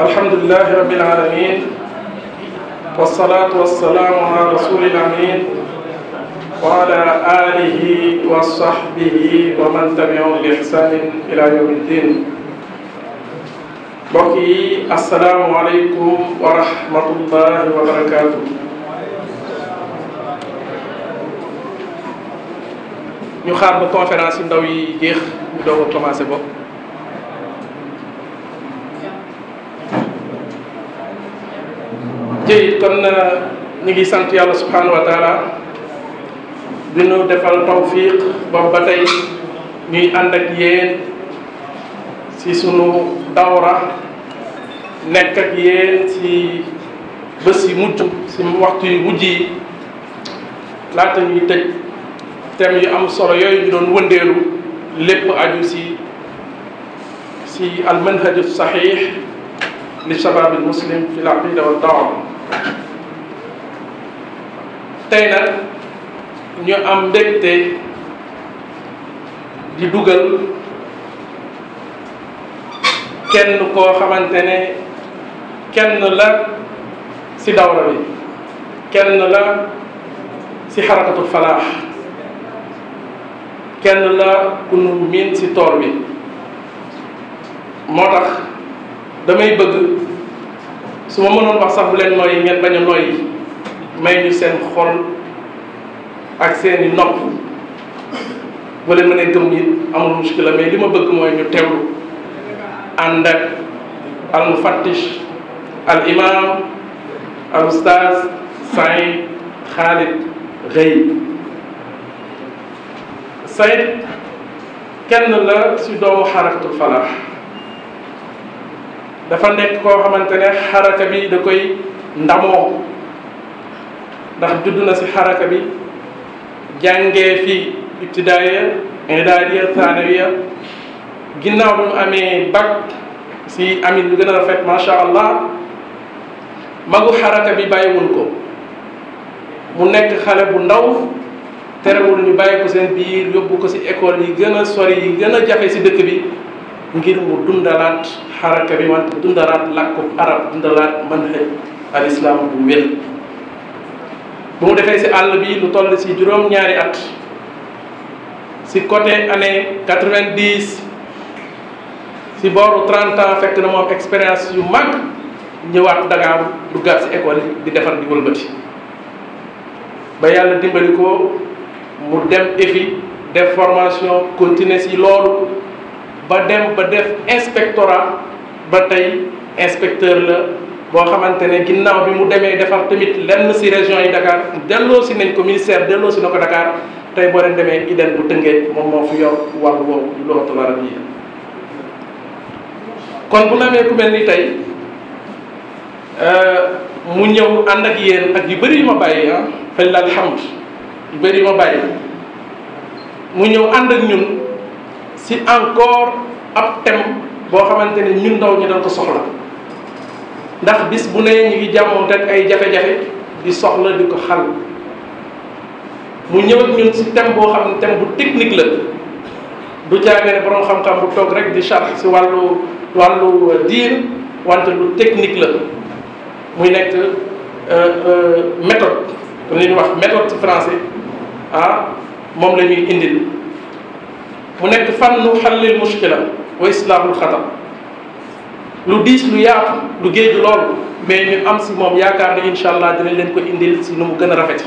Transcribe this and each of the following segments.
alhamdulilahi rabbil alamin wasalaatu wasalaamu ala rasulil amin wa ala alihi wa sahbihi wa man tabiahum bi ihsanin ila yawmi ddin mbokk yi asalaamu aleykum wa rahmatullahi wa barakatuh ñu xaar ba conférence yu ndaw yi jeex ñu doog a commencé bopp jëyit kon euh, ñu ngi sant yàlla subhanahu wa taala bi nu defal tawfiq boobu ba tey ñuy ànd ak yéen si sunu dawra nekk ak yéen si bés yi mujj si waxtu yu mujj yi laata ñuy tëj thème yu am solo yooyu ñu doon wëndeelu lépp aju si si almanhaju saxiix li shabaab almuslim fi l aqida wa tey nag ñu am mbégte di dugal kenn koo xamante ne kenn la ci dawra bi kenn la ci xarakatul falaax kenn la ku nu miin ci toor bi moo tax damay bëgg su ma mënoon wax sax bu leen ngeen bañ a nooyi may ñu seen xol ak seeni i nopp bu leen mënee gëm amul muskila mais li ma bëgg mooy ñu teewlu ànd ak al mufattish al imam al ustaz Saïd Khalid Gueye kenn la si doomu xaratul falaax dafa nekk koo xamante ne xaraka bi da koy ndamoo ndax judd na si xaraka bi jàngee fi ibtidaaya idaadiya thanawiya ginnaaw bi mu amee bac si amit lu gën a rafet macha allah magu xaraka bi bàyyiwul ko mu nekk xale bu ndaw terewul ñu bàyyi ko seen biir yóbbu ko si école yi gën a sori yi gën a jafe si dëkk bi ngir mu dundalaat xaraka bi wante dundalaat làkku arab dundalaat manhaj al islam bu wér bu mu defee si àll bi lu toll si juróom-ñaari at si côté année quatre-vingt-dix si booru trente fekk na moom expérience yu mag ñëwaat Dakar duggaat si école di defar di wëlbati ba yàlla dimbali ko mu dem EFI def formation continuer si loolu ba dem ba def inspectorat ba tey inspecteur la boo xamante ne ginnaaw bi mu demee defar tamit lenn si région yi Dakar delloo si nañ ko ministère delloo si na ko Dakar tey boo leen demee IDEN bu Tëngéej moom moo fi yor wàllu woowu lu loxatul arab yi kon bu namee ku mel ni tey euh, mu ñëw ànd ak yéen ak yu bëri yu ma bàyyi ah falilaal hamd yu bëri yu ma bàyyi mu ñëw ànd ak ñun si encore ab thème boo xamante ni ñun ndaw ñu dañ ko soxla ndax bis bu ne ñu ngi jàmmoonte ay jafe-jafe di soxla di ko xal mu ñëw ak ñun si thème boo xam ne thème bu technique la du jaage ne boroom xam-xam bu toog rek di charge si wàllu wàllu diin wante lu technique la muy nekk euh, euh, méthode comme li ñuy wax méthode ci français ah moom la ñuy indil. mu nekk fannu xallil mushkila wa islaamul xatam lu diis lu yaatu lu géeju loolu mais ñu am si moom yaakaar ne incha allah dinañ leen ko indil si nu mu gën a rafet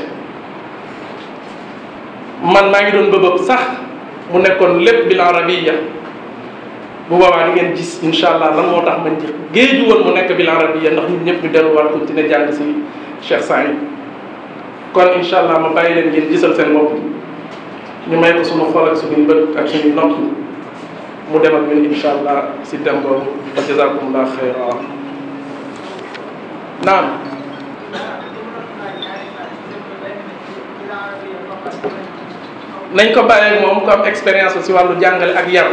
man maa ngi doon bëbëb sax mu nekkoon lépp bil arabiya bu boobaa di ngeen gis incha allah lan moo tax man ji géeju woon mu nekk bi la bil arabiya ndax ñun ñëpp ñu delluwaat continuer jàng si Cheikh Saïd kon incha allah ma bàyyi leen ngeen gisal seen bopp. ñu may ko sunu xol ak suñuy bët ak suñuy nopp mu dem ak ñun incha allah si dem boobu fa jazakumullah xayra naam nañ ko bari moom ko am expérience si wàllu jàngale ak yar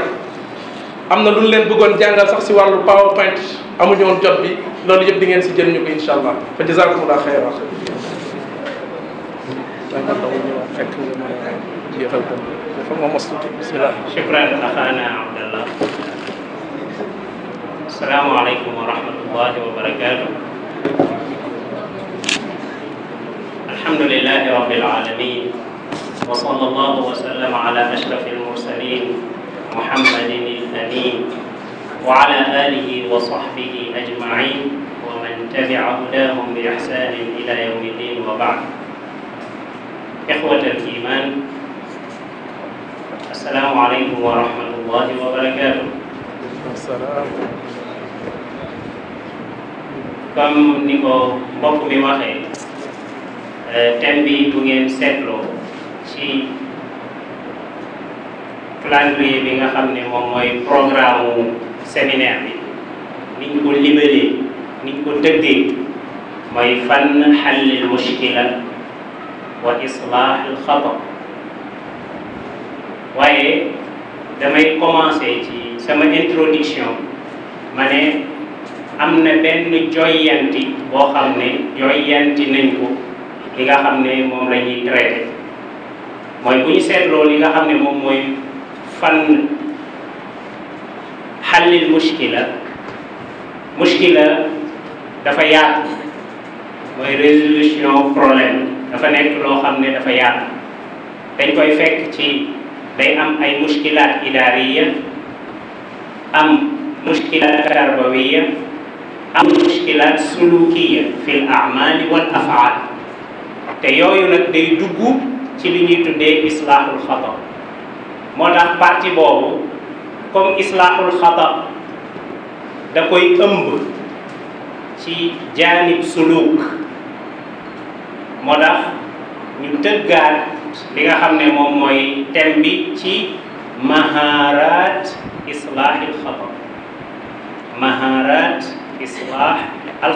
am na lu ñu leen bëggoon jàngal sax si wàllu powerpoint amuñu woon jot bi loolu yëpp di ngeen si jëriñu ko incha allah fa jazakumullah xayra li xew tam dafa ma mos tuuti bismillah shukran axaana abdallah asalaamaaleykum wa rahmatullahi wa barakatuh alhamdulilahi rabbil alamin wa sallallahu wa sallam ala ashrafil mursalin muhammadin al-amin wa ala alihi wa sahbihi ajmain wa man tabi'a hudahum bi ihsanin ila yawmi din wa ba'd ikhwata al-iman asalaamualeykum wa rahmatullahi wa barakaatu. comme ni ko mbokk mi waxee euh, thème bi bu ngeen seetloo ci calendrier bi xam ne moom mooy programme mu ni ñu ko libalee ni ñu ko tëggee mooy fan xallil mushkila wa islahil xata waaye damay commencé ci sama introduction ma ne am na benn joyanti boo xam ne joyanti nañ ko li nga xam ne moom la ñuy traité mooy bu ñu seetloo yi nga xam ne moom mooy fan la muskila muskila dafa yaatu mooy résolution problème dafa nekk loo xam ne dafa yaatu dañ koy fekk ci day am ay mushkilaat idaariya am mushkilaat tarbawiya am mushkilaat sulukiya fil amali wal afaal te yooyu la day dugg ci li ñuy tuddee islahul xata moo tax parti boobu kom islahul xata da koy ëmb ci jaanib suluk moo tax ñu li nga xam ne moom mooy thème bi ci maharat islaah al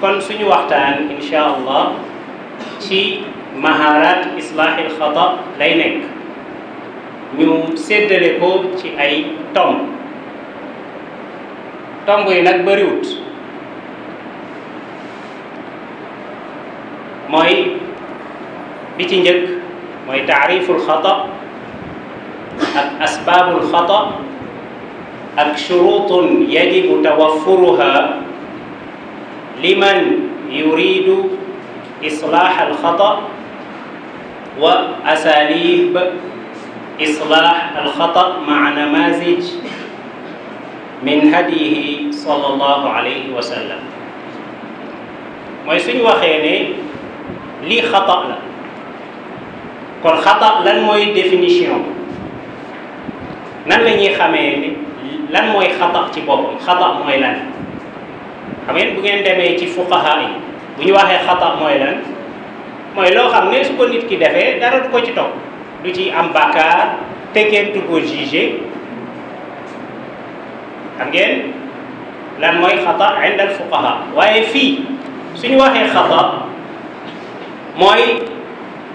kon suñu waxtaan insha allah ci maharat islaah al xata lay nekk ñu séddale ko ci ay tomb tomb yi nag bëriwut mooy bi ci njëkk mooy taariful xata ak asbaabul xata ak shurutun yajibu tawaffuruha liman yuridu islaax alxata wa asalib islaax alxata maa namaazij min hadiyihi sallallahu alayhi wa sallam mooy suñ waxee ne lii xata la kon xata lan mooy définition nan la ñuy xamee lan mooy xata ci boppam xata mooy lan xam ngeen bu ngeen demee ci fuqaha yi bu ñu waxee xata mooy lan mooy loo xam ne su ko nit ki defee dara du ko ci topp du ci am bàkkaar te kenn du ko jugé xam ngeen lan mooy xata inda al fuqaha waaye fii suñu waxee xata mooy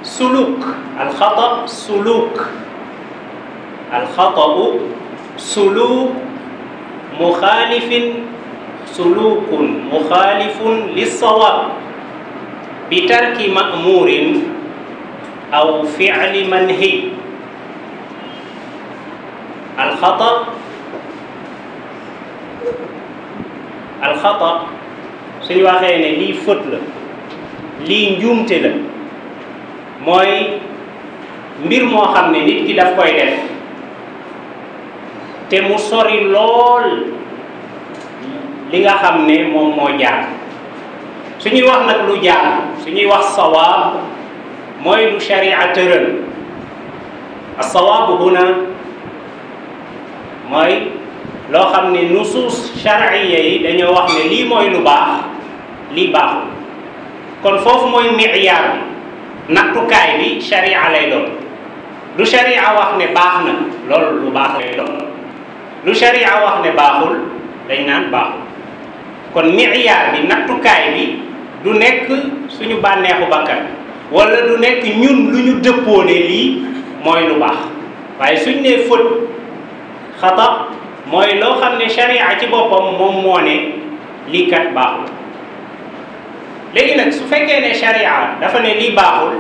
suluk al-khata suluk al-khata suluk mukhalifin sulukun mukhalifun lis-sawab bitarki ma'murin aw fi'li manhi al-khata al-khata suñu waxee ne lii faute la lii njuumte la mooy mbir moo xam ne nit ki daf koy def te mu sori lool li nga xam ne moom moo jaar su ñuy wax nag lu jaar su ñuy wax sawaab mooy lu sharia tëral as-sawaab huna mooy loo xam ne nusuus shariya yi dañoo wax ne lii mooy lu baax lii baaxul kon foofu mooy miyaar nattukaay bi sharia lay doon lu sharia wax ne baax na loolu lu baax lay doon lu sharia wax ne baaxul dañ naan baaxul kon miyaar bi nattukaay bi du nekk suñu bànneexu bakkan walla du nekk ñun lu ñu dëppoo ne lii mooy lu baax waaye suñ nee fët xata mooy loo xam ne sharia ci boppam moom moo ne lii baaxul léegi nag su fekkee ne charia dafa ne lii baaxul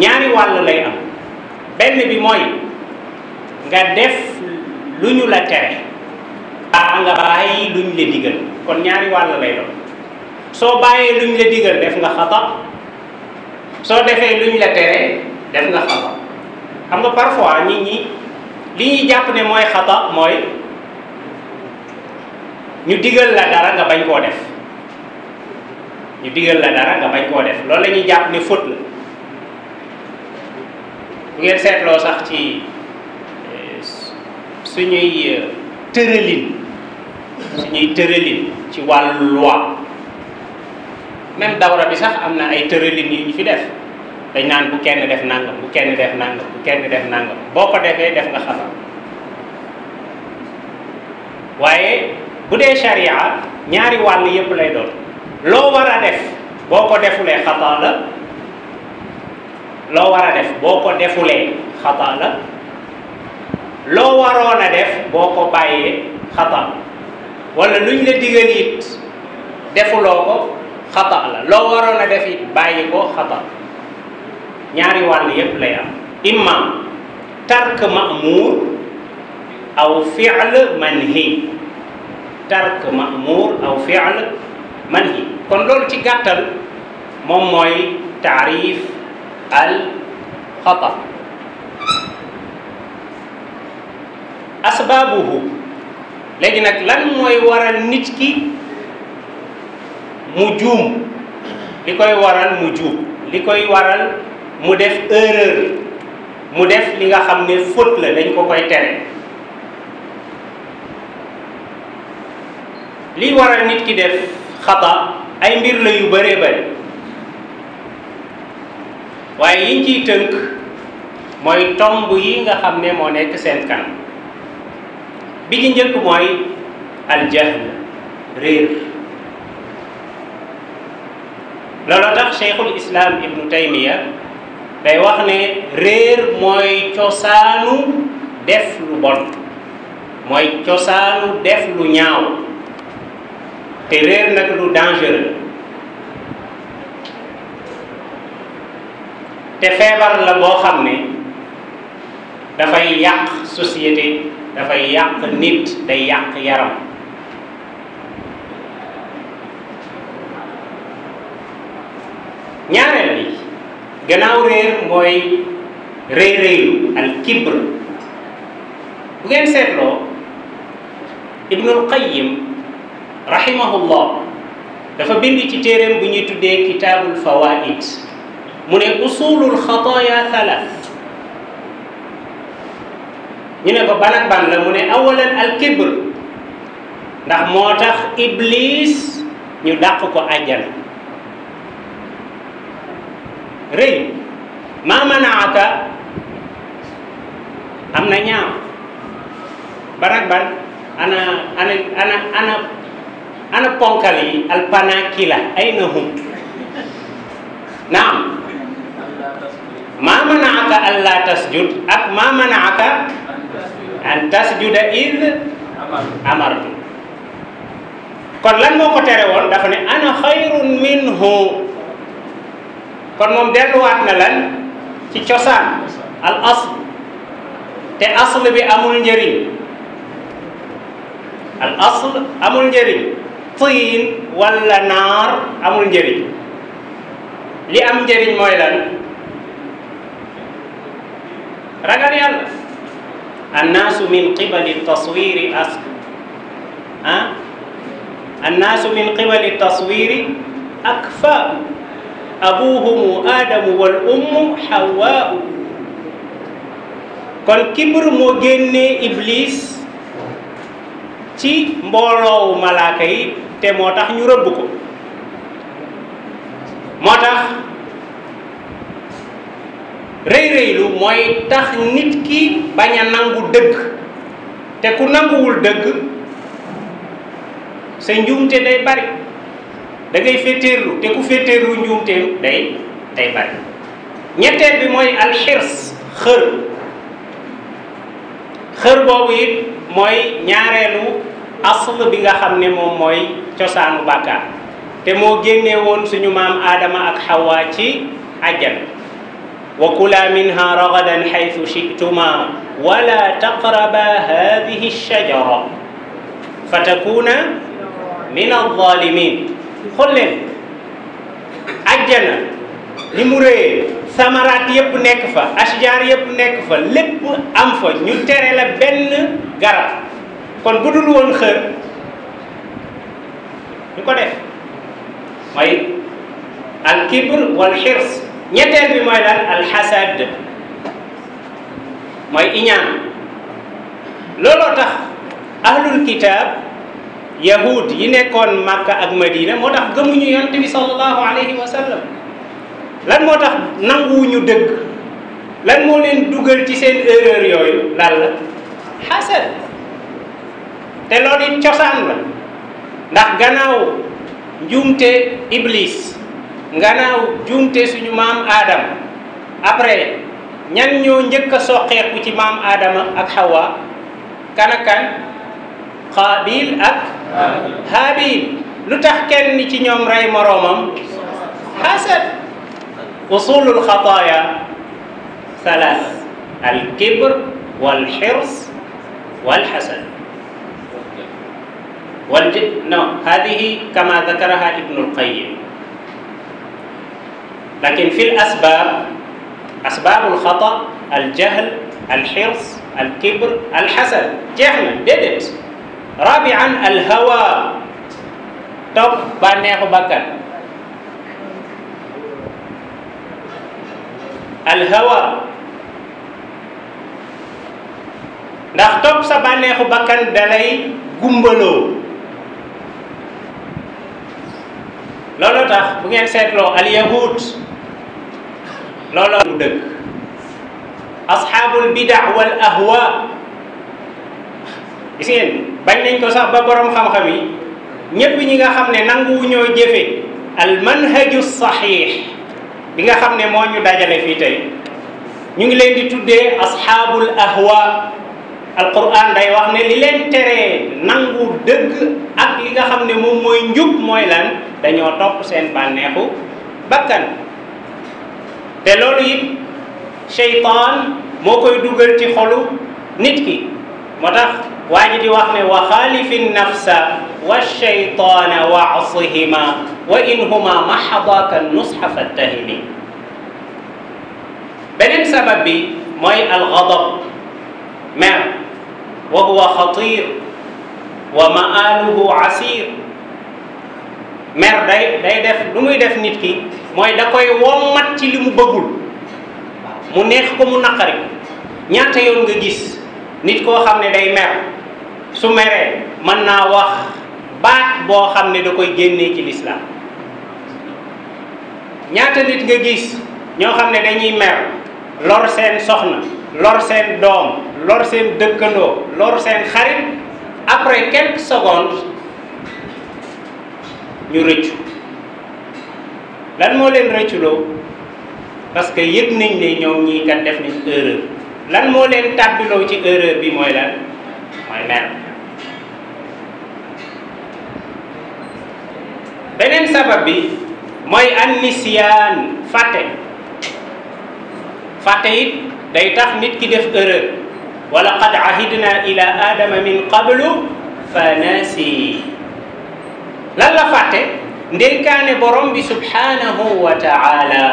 ñaari wàll lay am benn bi mooy nga def lu ñu la tere a ah, nga bàyyi luñ la digal kon ñaari wàll lay doon soo bàyyee luñ la digal def nga xata soo defee luñ la tere def nga xata xam nga parfois nit ñi li ñuy jàpp ne mooy xata mooy ñu digal la dara nga bañ koo def ñu digal la dara nga bañ koo def loolu la ñuy jàpp ne faute la bu ngeen seetloo sax ci eh, suñuy eh, tëralin ñuy tëralin ci wàllu loi même dawra bi sax am na ay tëralin yu ñu fi def dañ naan bu kenn def nangam bu kenn def nangam def nangam boo ko defee def nga xamal waaye bu dee charia ñaari wàll yépp lay doon loo war a def boo ko defulee xataa la loo war a def boo ko defulee xataa la loo waroon a def boo ko bàyyee xataa wala luñ la digal it defuloo ko xataa la loo waroon a def bàyyi ko xataa ñaari wàll yépp lay am imma tark ma'muur aw fi'l manhi tark ma'muur aw fi'l manhi kon loolu ci gàttal moom mooy taarif al xata asbaabuhu léegi nag lan mooy waral nit ki mu juum li koy waral mu juum li koy waral mu def erreur mu def li nga xam ne faute la dañ ko koy tere li waral nit ki def xata ay mbir la yu bëree bëri waaye yiñ ciy tënk mooy tomb yi nga xam ne moo nekk seen kanam bi ci njëkk mooy aljahl réer loolu tax cheikhul islam ibnu taymiya day wax ne réer mooy cosaanu def lu bon mooy cosaanu def lu ñaaw te réer nag lu dangereux te feebar la boo xam ne dafay yàq société dafay yàq nit day yàq yaram ñaareel bi gannaaw réer mooy réy réylu al kibr bu ngeen seetloo ibnul qayyim rahimahullah dafa bind ci téeréem bu ñuy tuddee kitaabul fawaid mu ne usulul xataaya thalath ñu ne ko ban ak ban la mu ne awalan al kibr ndax moo tax iblis ñu dàq ko àjjana rëy ma manaaka am na ñaaw ban ak ban ana ana ana ana ana ponkal yi alpanakila ayna hum naam ma manaaka alla tasjud ak ma manaaka an tasjuda id amartu kon lan moo tere woon dafa ne ana xayrun minhu kon moom delluwaat na lan ci cosaan al asl te asl bi amul njëriñ al tiin wala naar amul njëriñ li am njëriñ mooy lan ragal yàlla annaasu min qibali taswiri as ah annaasu min qibali taswiri akfaau abuhumu aadamu wal ummu hawaau kon kibr moo génnee iblis ci mbooloowu malaaka yi te moo tax ñu rëbb ko moo tax rëy-rëylu mooy tax nit ki bañ a nangu dëgg te ku nanguwul dëgg sa njuumte day bari da féeteerlu te ku féeteerlu njuumte day day bari ñetteel bi mooy alxirs xër xër boobu it mooy ñaareelu asl bi nga xam ne moom mooy cosaanu bàkkaar te moo génnee woon suñu maam aadama ak xawa ci àjjan wa kula minha ragadan xaytu chituma wala taqraba hadihi lchajara fa takuna min alzalimin xool leen àjjana li mu réyee samaraat yëpp nekk fa ashjaar yëpp nekk fa lépp am fa ñu tere la benn garab kon bu dul woon xër ñu ko def mooy al kibr wal xirs ñetteel bi mooy lan al mooy iñaan looloo tax ahlul kitaab yahud yi nekkoon Makka ak Madina moo tax gëmuñu yonte bi sallallahu alayhi lan moo tax nanguwuñu dëgg lan moo leen dugal ci seen erreur yooyu lan la xasad te loolu cosaan la ndax gannaaw njuumte iblis gannaaw njuumte suñu maam aadama après ñan ñoo njëkk a soqeeku ci maam aadama ak xawa kan ak xaabil ak haabil lu tax kenn ci ñoom rey moroomam xasad أصول الخطايا ثلاث الكبر والحرص والحسد والج... no. هذه كما ذكرها ابن القيم لكن في الأسباب أسباب الخطأ الجهل الحرص الكبر الحسد جهل did it رابعا الهوى top بانيه بكر alhawa ndax topp sa bànneexu bakkan dalay gumbaloo looloo tax bu ngeen seetloo alyahud looloo mu dëgg asxaabul bidaa wal ahwa gis ngeen bañ nañ ko sax ba borom xam-xam yi ñépp ñi nga xam ne nanguwu ñoo jëfe al manhaju saxiix bi nga xam ne moo ñu dajale fii tey ñu ngi leen di tuddee asxaabul ahwa alquran day wax ne li leen teree nangu dëgg ak li nga xam ne moom mooy njub mooy lan dañoo topp seen bànneexu bakkan te loolu it seytaan moo koy dugal ci xolu nit ki moo tax waa ji di wax ne wa xaalifi nafsa wa shaytaana wa asihima wa in huma mahadaka nusxa fattahimi beneen sabab bi mooy algadab mer wa huwa xatir wa maaluhu asir mer day day def lu muy def nit ki mooy da koy wommat ci li mu bëggul mu neex ko mu naqari ñaata yoon nga gis nit koo xam ne day mer su meree mën naa wax baat boo xam ne da koy génnee ci lislaam ñaata nit nga gis ñoo xam ne dañuy mer lor seen soxna lor seen doom lor seen dëkkandoo lor seen xarit après quelques secondes ñu rëccu lan moo leen rëcculoo parce que yëg nañ ne ñoom ñii kat def nañ erreur lan moo leen tàbbiloo ci erreur bi mooy lan mooy mer beneen sabab bi mooy annisiyaan fàtte fàtte it day tax nit ki def erreur wala qad ahidna ila adama min qablu fa nasi lan la fàtte ndénkaane borom bi subhanahu wa taala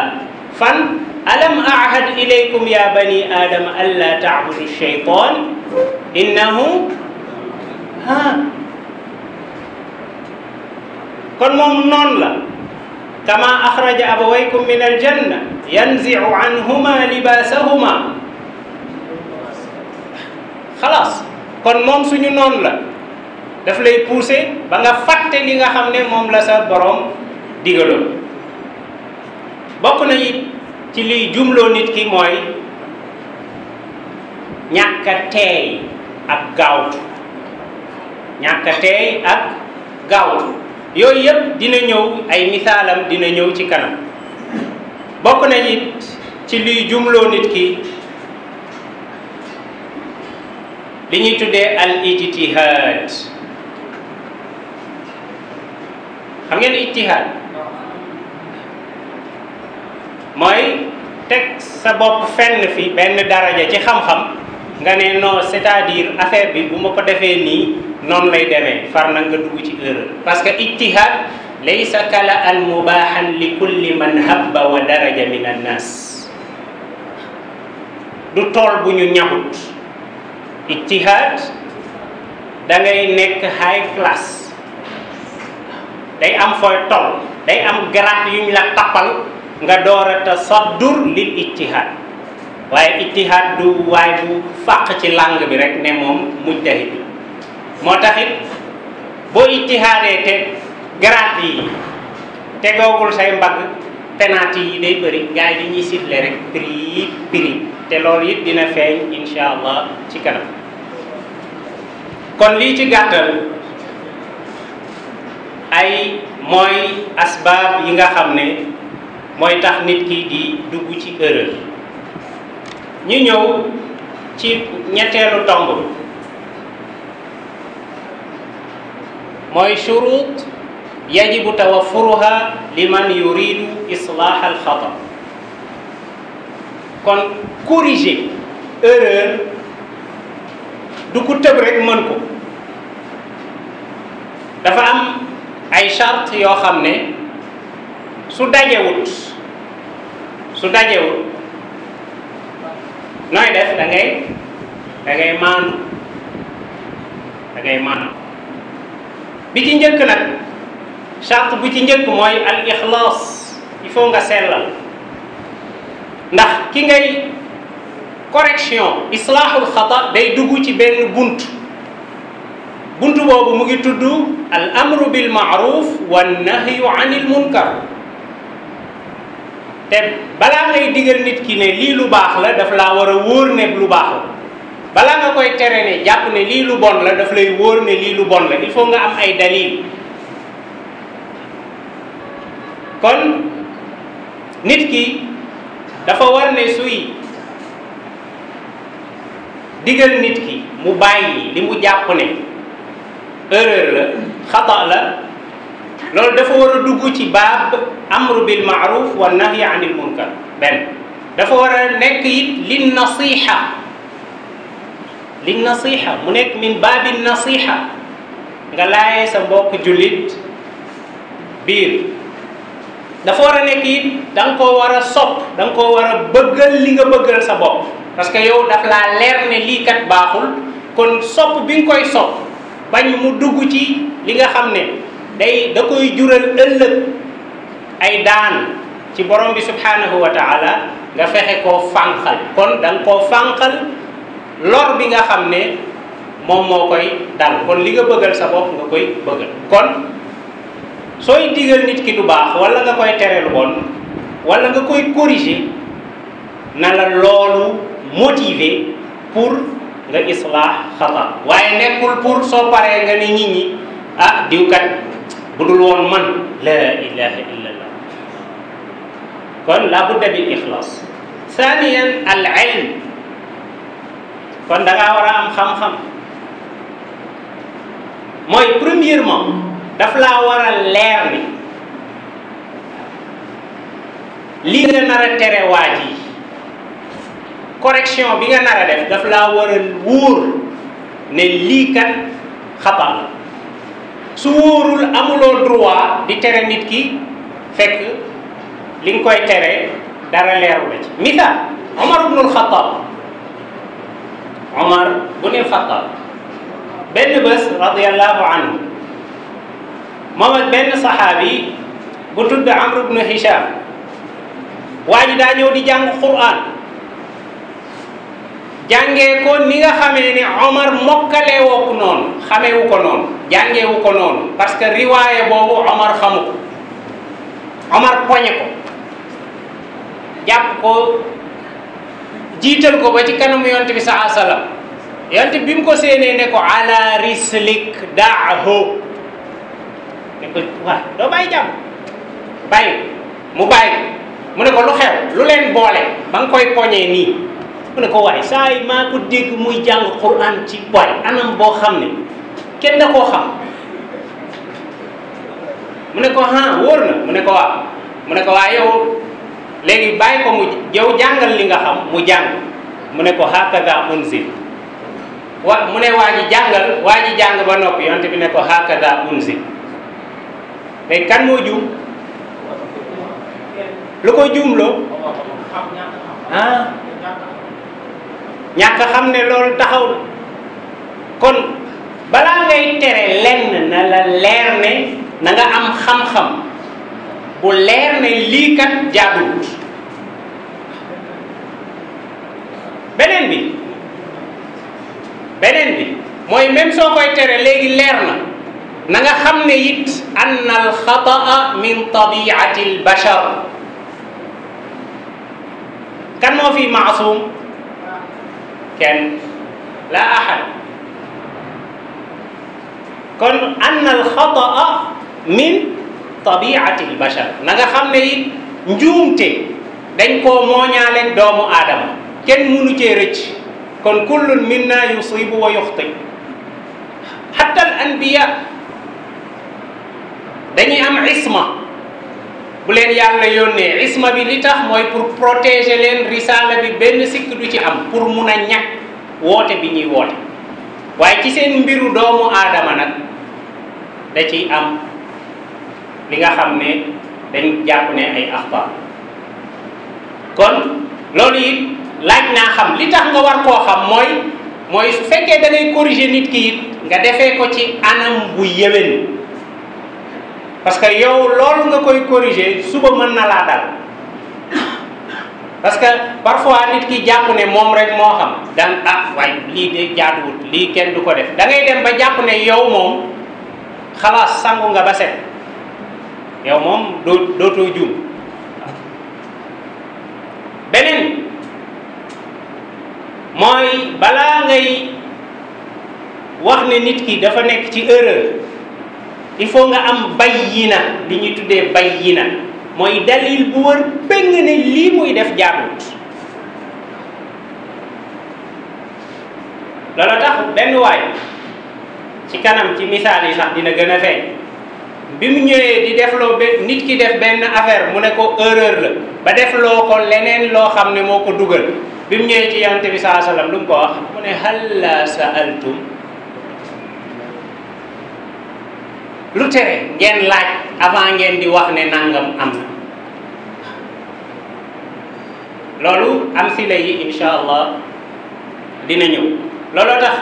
fan alam ahad ilaykum ya bani adama an la taabudu shaytan innahu ha kon moom noonu la kama axraja abawaykum min aljanna yanziu anhuma libasahuma xalaas kon moom suñu noonu la daf lay pousser ba nga fàtte li nga xam ne moom la sa borom digaloon bokk na it ci liy jumloo nit ki mooy ñàkk ak gaawtu ñàkk ak gaawtu yooyu yëpp dina ñëw ay misaalam dina ñëw ci kanam bokk na it ci liy jumloo nit ki li ñuy tuddee al ijtihaad xam ngeen ijtihaad mooy teg sa bopp fenn fi benn daraja ci xam-xam nga ne non cest à bi bu ma ko defee nii noonu lay demee far na nga dugg ci erreur parce que ijtihad laysa kala al mubahan li kulli man habba wa daraja min an du tool bu ñu ñagut ijtihad da ngay nekk high class day am fooy toll day am yu yuñ la tappal nga door a tasaddur lil ijtihaad waaye ijtihaad du waay bu fàq ci lang bi rek ne moom mujtahid moo taxit boo ijtihaadee te garaat yi tegoogul say mbagg penalty yi day bëri gars yi dañuy siffle rek prix yi prix te loolu it dina feeñ insha allah ci kanam kon lii ci gàttal ay mooy asbaab yi nga xam ne mooy tax nit ki di dugg ci erreur ñu ñëw ci ñetteelu tomb mooy shurut yajibu tawaffuruha liman yuridu islaax al xata kon corriger erreur du ko tëb rek mën ko dafa am ay charte yoo xam ne su dajewut su dajewul nooy def da ngay da ngay maandu bi ci njëkk nag charte bu ci njëkk mooy al il faut nga sellal ndax ki ngay correction islahul xata day dugg ci benn bunt bunt boobu mu ngi tudd al amru bil maaruf wa nahyu anil munkar te balaa ngay digal nit ki ne lii lu baax la daf laa war a wóor ne lu baax la balaa nga koy tere ne jàpp ne lii lu bon la daf lay wóor ne lii lu bon la il faut nga am ay dalil kon nit ki dafa war ne suy digal nit ki mu bàyyi li mu jàpp ne erreur la xata la loolu dafa war a dugg ci baab amru bil maaruf wa nahyi anil munkar benn dafa war a nekk it lin nasiha lin nasiha mu nekk min baabin nasiha nga laayee sa mbokk jullit biir dafa war a nekk it da koo war a sopp da koo war a bëggal li nga bëggal sa bopp parce que yow daf laa leer ne lii kat baaxul kon sopp bi nga koy sopp bañ mu dugg ci li nga xam ne day da koy jural ëllëg ay daan ci borom bi subhanahu wa taala nga fexe koo fànqal kon da koo fànqal lor bi nga xam ne moom moo koy dal kon li nga bëggal sa bopp nga koy bëggal kon sooy digal nit ki du baax wala nga koy tere lu bon wala nga koy corriger na la loolu motiver pour nga islaax xata waaye nekkul pour soo paree nga ne nit ñi ah, diwkat bu dul woon man laa ilaha illa allah kon la budda bil ixlaas thaniyan al ilm kon da ngaa war a am xam-xam mooy premièrement daf laa wara a leer ni lii nga nar a tere waaj yi correction bi nga nar a def daf laa wara a ne lii kat xabaar su wóorul amuloo droit di tere nit ki fekk li nga koy tere dara leeru la ci misaal Omar ibnul Xattaab Omar ibnul Xattaab benn bés radiallahu anhu moom ak benn saxaabi bu tudd Amr ibnu Hisham waa ji daa ñëw di jàng Qur'an jàngee ko ni nga xamee ne Omar mokkalee noonu xamee ko noonu jàngee ko noonu parce que riwaaye boobu Omar xamu ko Omar poñe ko jàpp ko jiital ko ba ci kanamu yonent bi saa salaam yonent bi mu ko séenee ne ko ala rislik daaho ne ko waa doo bàyyi jàmm bàyyi mu bàyyi mu ne ko lu xew lu leen boole ba nga koy poñee nii mu ne ko waay saa yi maa ko dégg muy jàng quran ci waay anam boo xam ne kenn da koo xam mu ne ko ah wóor na mu ne ko waaw mu ne ko waaye yow léegi bàyyi ko mu yow jàngal li nga xam mu jàng mu ne ko hakada unzil wa mu ne waa ji jàngal waa ji jàng ba noppi yonte bi ne ko hakada unzil léegi kan moo juum lu ko juumloo ah ñàkk xam ne lool taxaw kon balaa ngay tere lenn na la leer na nga am xam-xam bu leer ne kat jaaduwut beneen bi beneen bi mooy même soo koy tere léegi leer na na nga xam ne it ann al xataa min tabiati al bashar kan moo fi maasum kenn la ahad kon ann al min tabiati l bashar na nga xam ne it njuumte dañ koo mooñaaleeg doomu aadama kenn munu cee rëcc kon kullun minna yusibu wa yuxti hatta al anbiya dañuy am isma bu leen yàlla yónnee isma bi li tax mooy pour protéger leen risaala bi benn sikk du ci am pour mun a ñàkk woote bi ñuy woote waaye ci seen mbiru doomu aadama nag da ciy am li nga xam ne dañ jàpp ne ay axbaar kon loolu it laaj naa xam li tax nga war koo xam mooy mooy su fekkee da ngay corriger nit ki nga defee ko ci anam bu yéwén parce que yow loolu nga koy corriger suba mën na laa dal parce que parfois nit ki jàpp ne moom rek moo xam daan ah waaye lii de jaaduwut lii kenn du ko def dangay dem ba jàpp ne yow moom xalaas sangu nga ba set yow moom doo dootoo juum beneen mooy balaa ngay wax ne nit ki dafa nekk ci erreur il faut nga am na di ñuy tuddee bayyina mooy dalil bu wër péng ni lii muy def jaamut loolu tax benn waay ci kanam ci misaal yi sax dina gën a feeñ bi mu ñëwee di defloo benn nit ki def benn affaire mu ne ko erreur la ba defloo ko leneen loo xam ne moo ko dugal bi mu ñëwee ci yonent bi saa sallam lu mu ko wax mu ne halla sa'altum lu tere ngeen laaj di wax ne nangam am loolu am si la yi insha allah dina ñëw looloo tax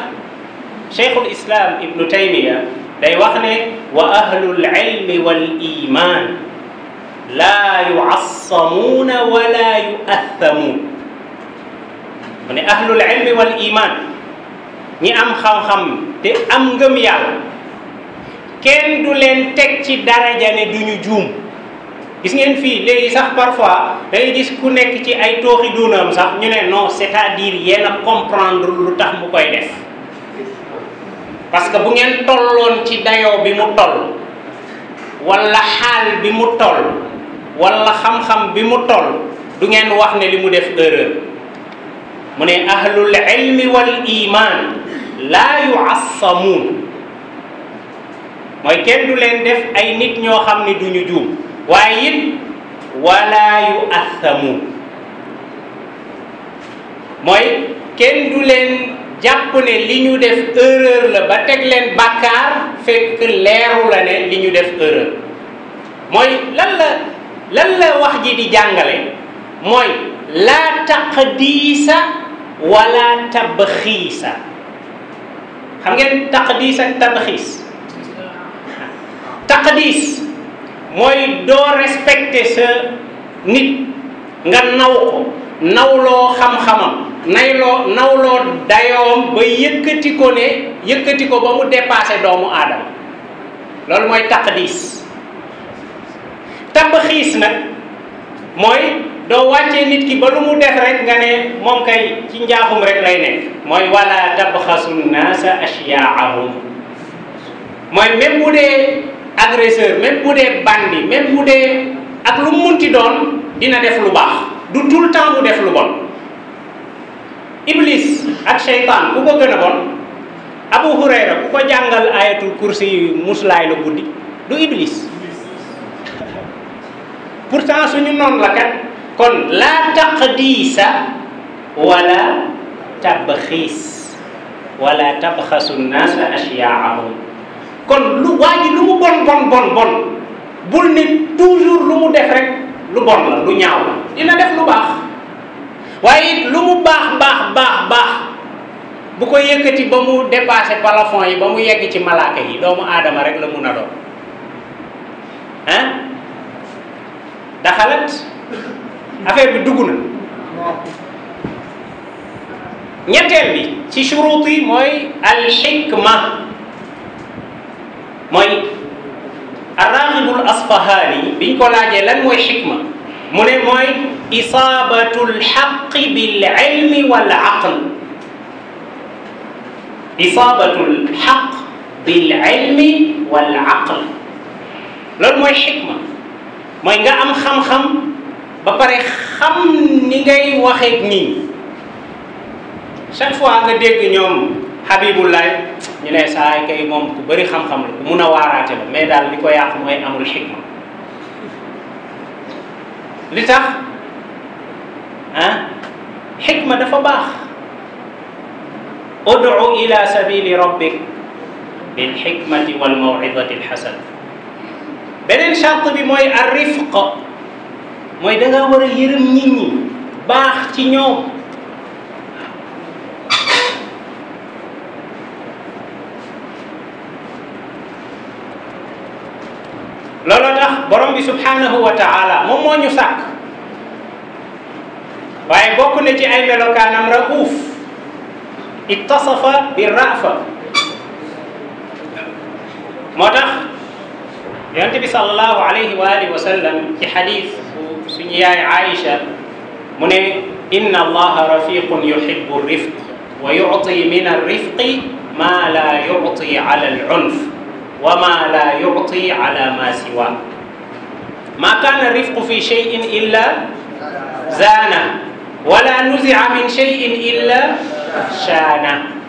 cheikhul islam ibnu taymiya day wax ne wa ahlul ilmi wal iman laa am xam-xam te am ngëm yàlla kenn du leen teg ci daraja ne du ñu juum gis ngeen fii léegi sax parfois dangay gis ku nekk ci ay tooxi duunam sax ñu ne non c'est-à-dire yéen a comprendre lu tax mu koy def parce que bu ngeen tolloon ci dayoo bi mu toll walla xaal bi mu toll walla xam-xam bi mu toll du ngeen wax ne li mu def erreur mu ne ahlul ilmi wal iman la yuassamuun mooy kenn du leen def ay nit ñoo xam ne duñu juum waaye it wala yu assamu mooy kenn du leen jàpp ne li ñu def erreur la ba teg leen bàkkaar fekk leeru la ne li ñu def erreur mooy lan la lan la wax ji di jàngale mooy laa taqdiisa wala tabxiisa xam ngeen taqdiis ak tabxiis taqdis mooy doo respecté sa nit nga naw ko nawloo xam-xamam nayloo nawloo dayoom ba yëkkati ko ne yëkkati ko ba mu dépassé doomu aadama loolu mooy taqdis tabaxiis nag mooy doo wàccee nit ki ba lu mu def rek nga ne moom ci njaaxum rek lay nekk mooy wala tabxasu naasa asyaahum mooy même bu dee agresseur même bu dee bandi même bu dee ak lu mu munti doon dina def lu baax du tout le temps bu def lu bon iblis ak seytaan ku ko gën a bon abu hurayra ku ko jàngal ayatul kursi muslaay la guddi du iblis pourtant suñu noonu la kat kon la taqdiisa wala tabxiis wala tabxasu nnaasa asyaahum kon lu waa ji lu mu bon bon bon bul ni toujours lu mu def rek lu bon la lu ñaaw la dina def lu baax waaye it lu mu baax baax baax baax bu ko yëkkati ba mu dépassé plafond yi ba mu yegg ci malaaka yi doomu aadama rek la mun a doon ah daxalat affaire bi dugg na ñetteel bi ci shuruut yi mooy al xikma mooy arraxibul asfahaani biñ ko laajee lan mooy xikma mu ne mooy isaabatu lxaqi bil ilmi wal aql isaabatu lxaq bil ilmi wal aql mooy xikma mooy nga am xam-xam ba pare xam ni ngay waxeeg nii chaque fois nga dégg ñoom xabibullaay ñu ne saay kay moom ku bëri xam-xam la ku mun a waaraate la mais daal li ko yàq mooy amul xikma li tax ah xikma dafa baax udu ila sabili rabbik bil xikmati wal mawidati alxasana beneen charte bi mooy arrifq mooy da nga war a yërëm nit ñi baax ci ñoom subhanahu wa taala moom moo ñu sàkk waaye bokk na ci ay melokaanam rauf ittasafa bi rafa moo tax yonent bi sallallahu alayhi wa alihi wa sallam ci xadis bu suñu yaay Aïcha mu ne inna allaha rafiqun yuhibbu rifq wa yuti min arrifqi ma la yuti ala al unf wa ma la yuti ala ma siwa ما كان الرفق في شيء إلا زانه ولا نزع من شيء إلا شانه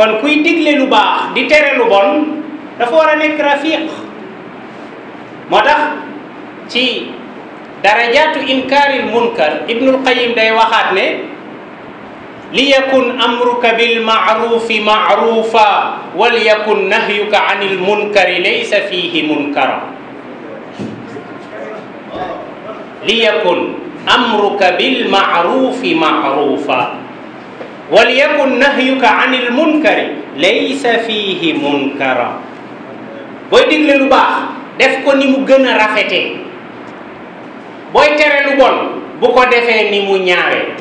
kon kuy digle lu baax di tere lu bon dafa war a nekk rafiq moo tax ci darajaatu inkaaril munkar ibnul qayim day waxaat ne li yakun amruka bil maarufi maarufa wal yakun nahyuka anil munkari laysa fihi munkara liyakun amruka bil ma'rufi ma'rufa waliyakun nahyuka anil munkari laysa fihi munkara booy digle lu baax def ko ni mu gën a rafetee booy tere lu bon bu ko defee ni mu ñaare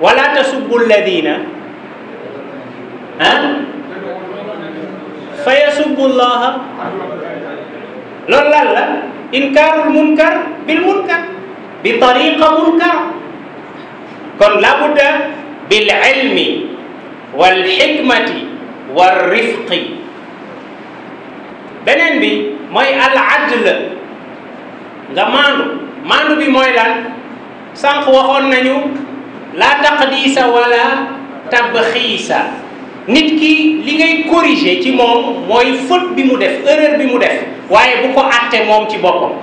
wala tasubbu alladina ah fa yasubbu llaha loolu lan la inkaarul munkar bil munkar bi tariqa munkar kon labudda bil ilmi wal xikmati wal rifqi beneen bi mooy al adl nga maandu maandu bi mooy lan sànq waxoon nañu la taqdiisa wala tabxiisa nit ki li ngay corriger ci moom mooy faute bi mu def erreur bi mu def waaye bu ko atte moom ci boppam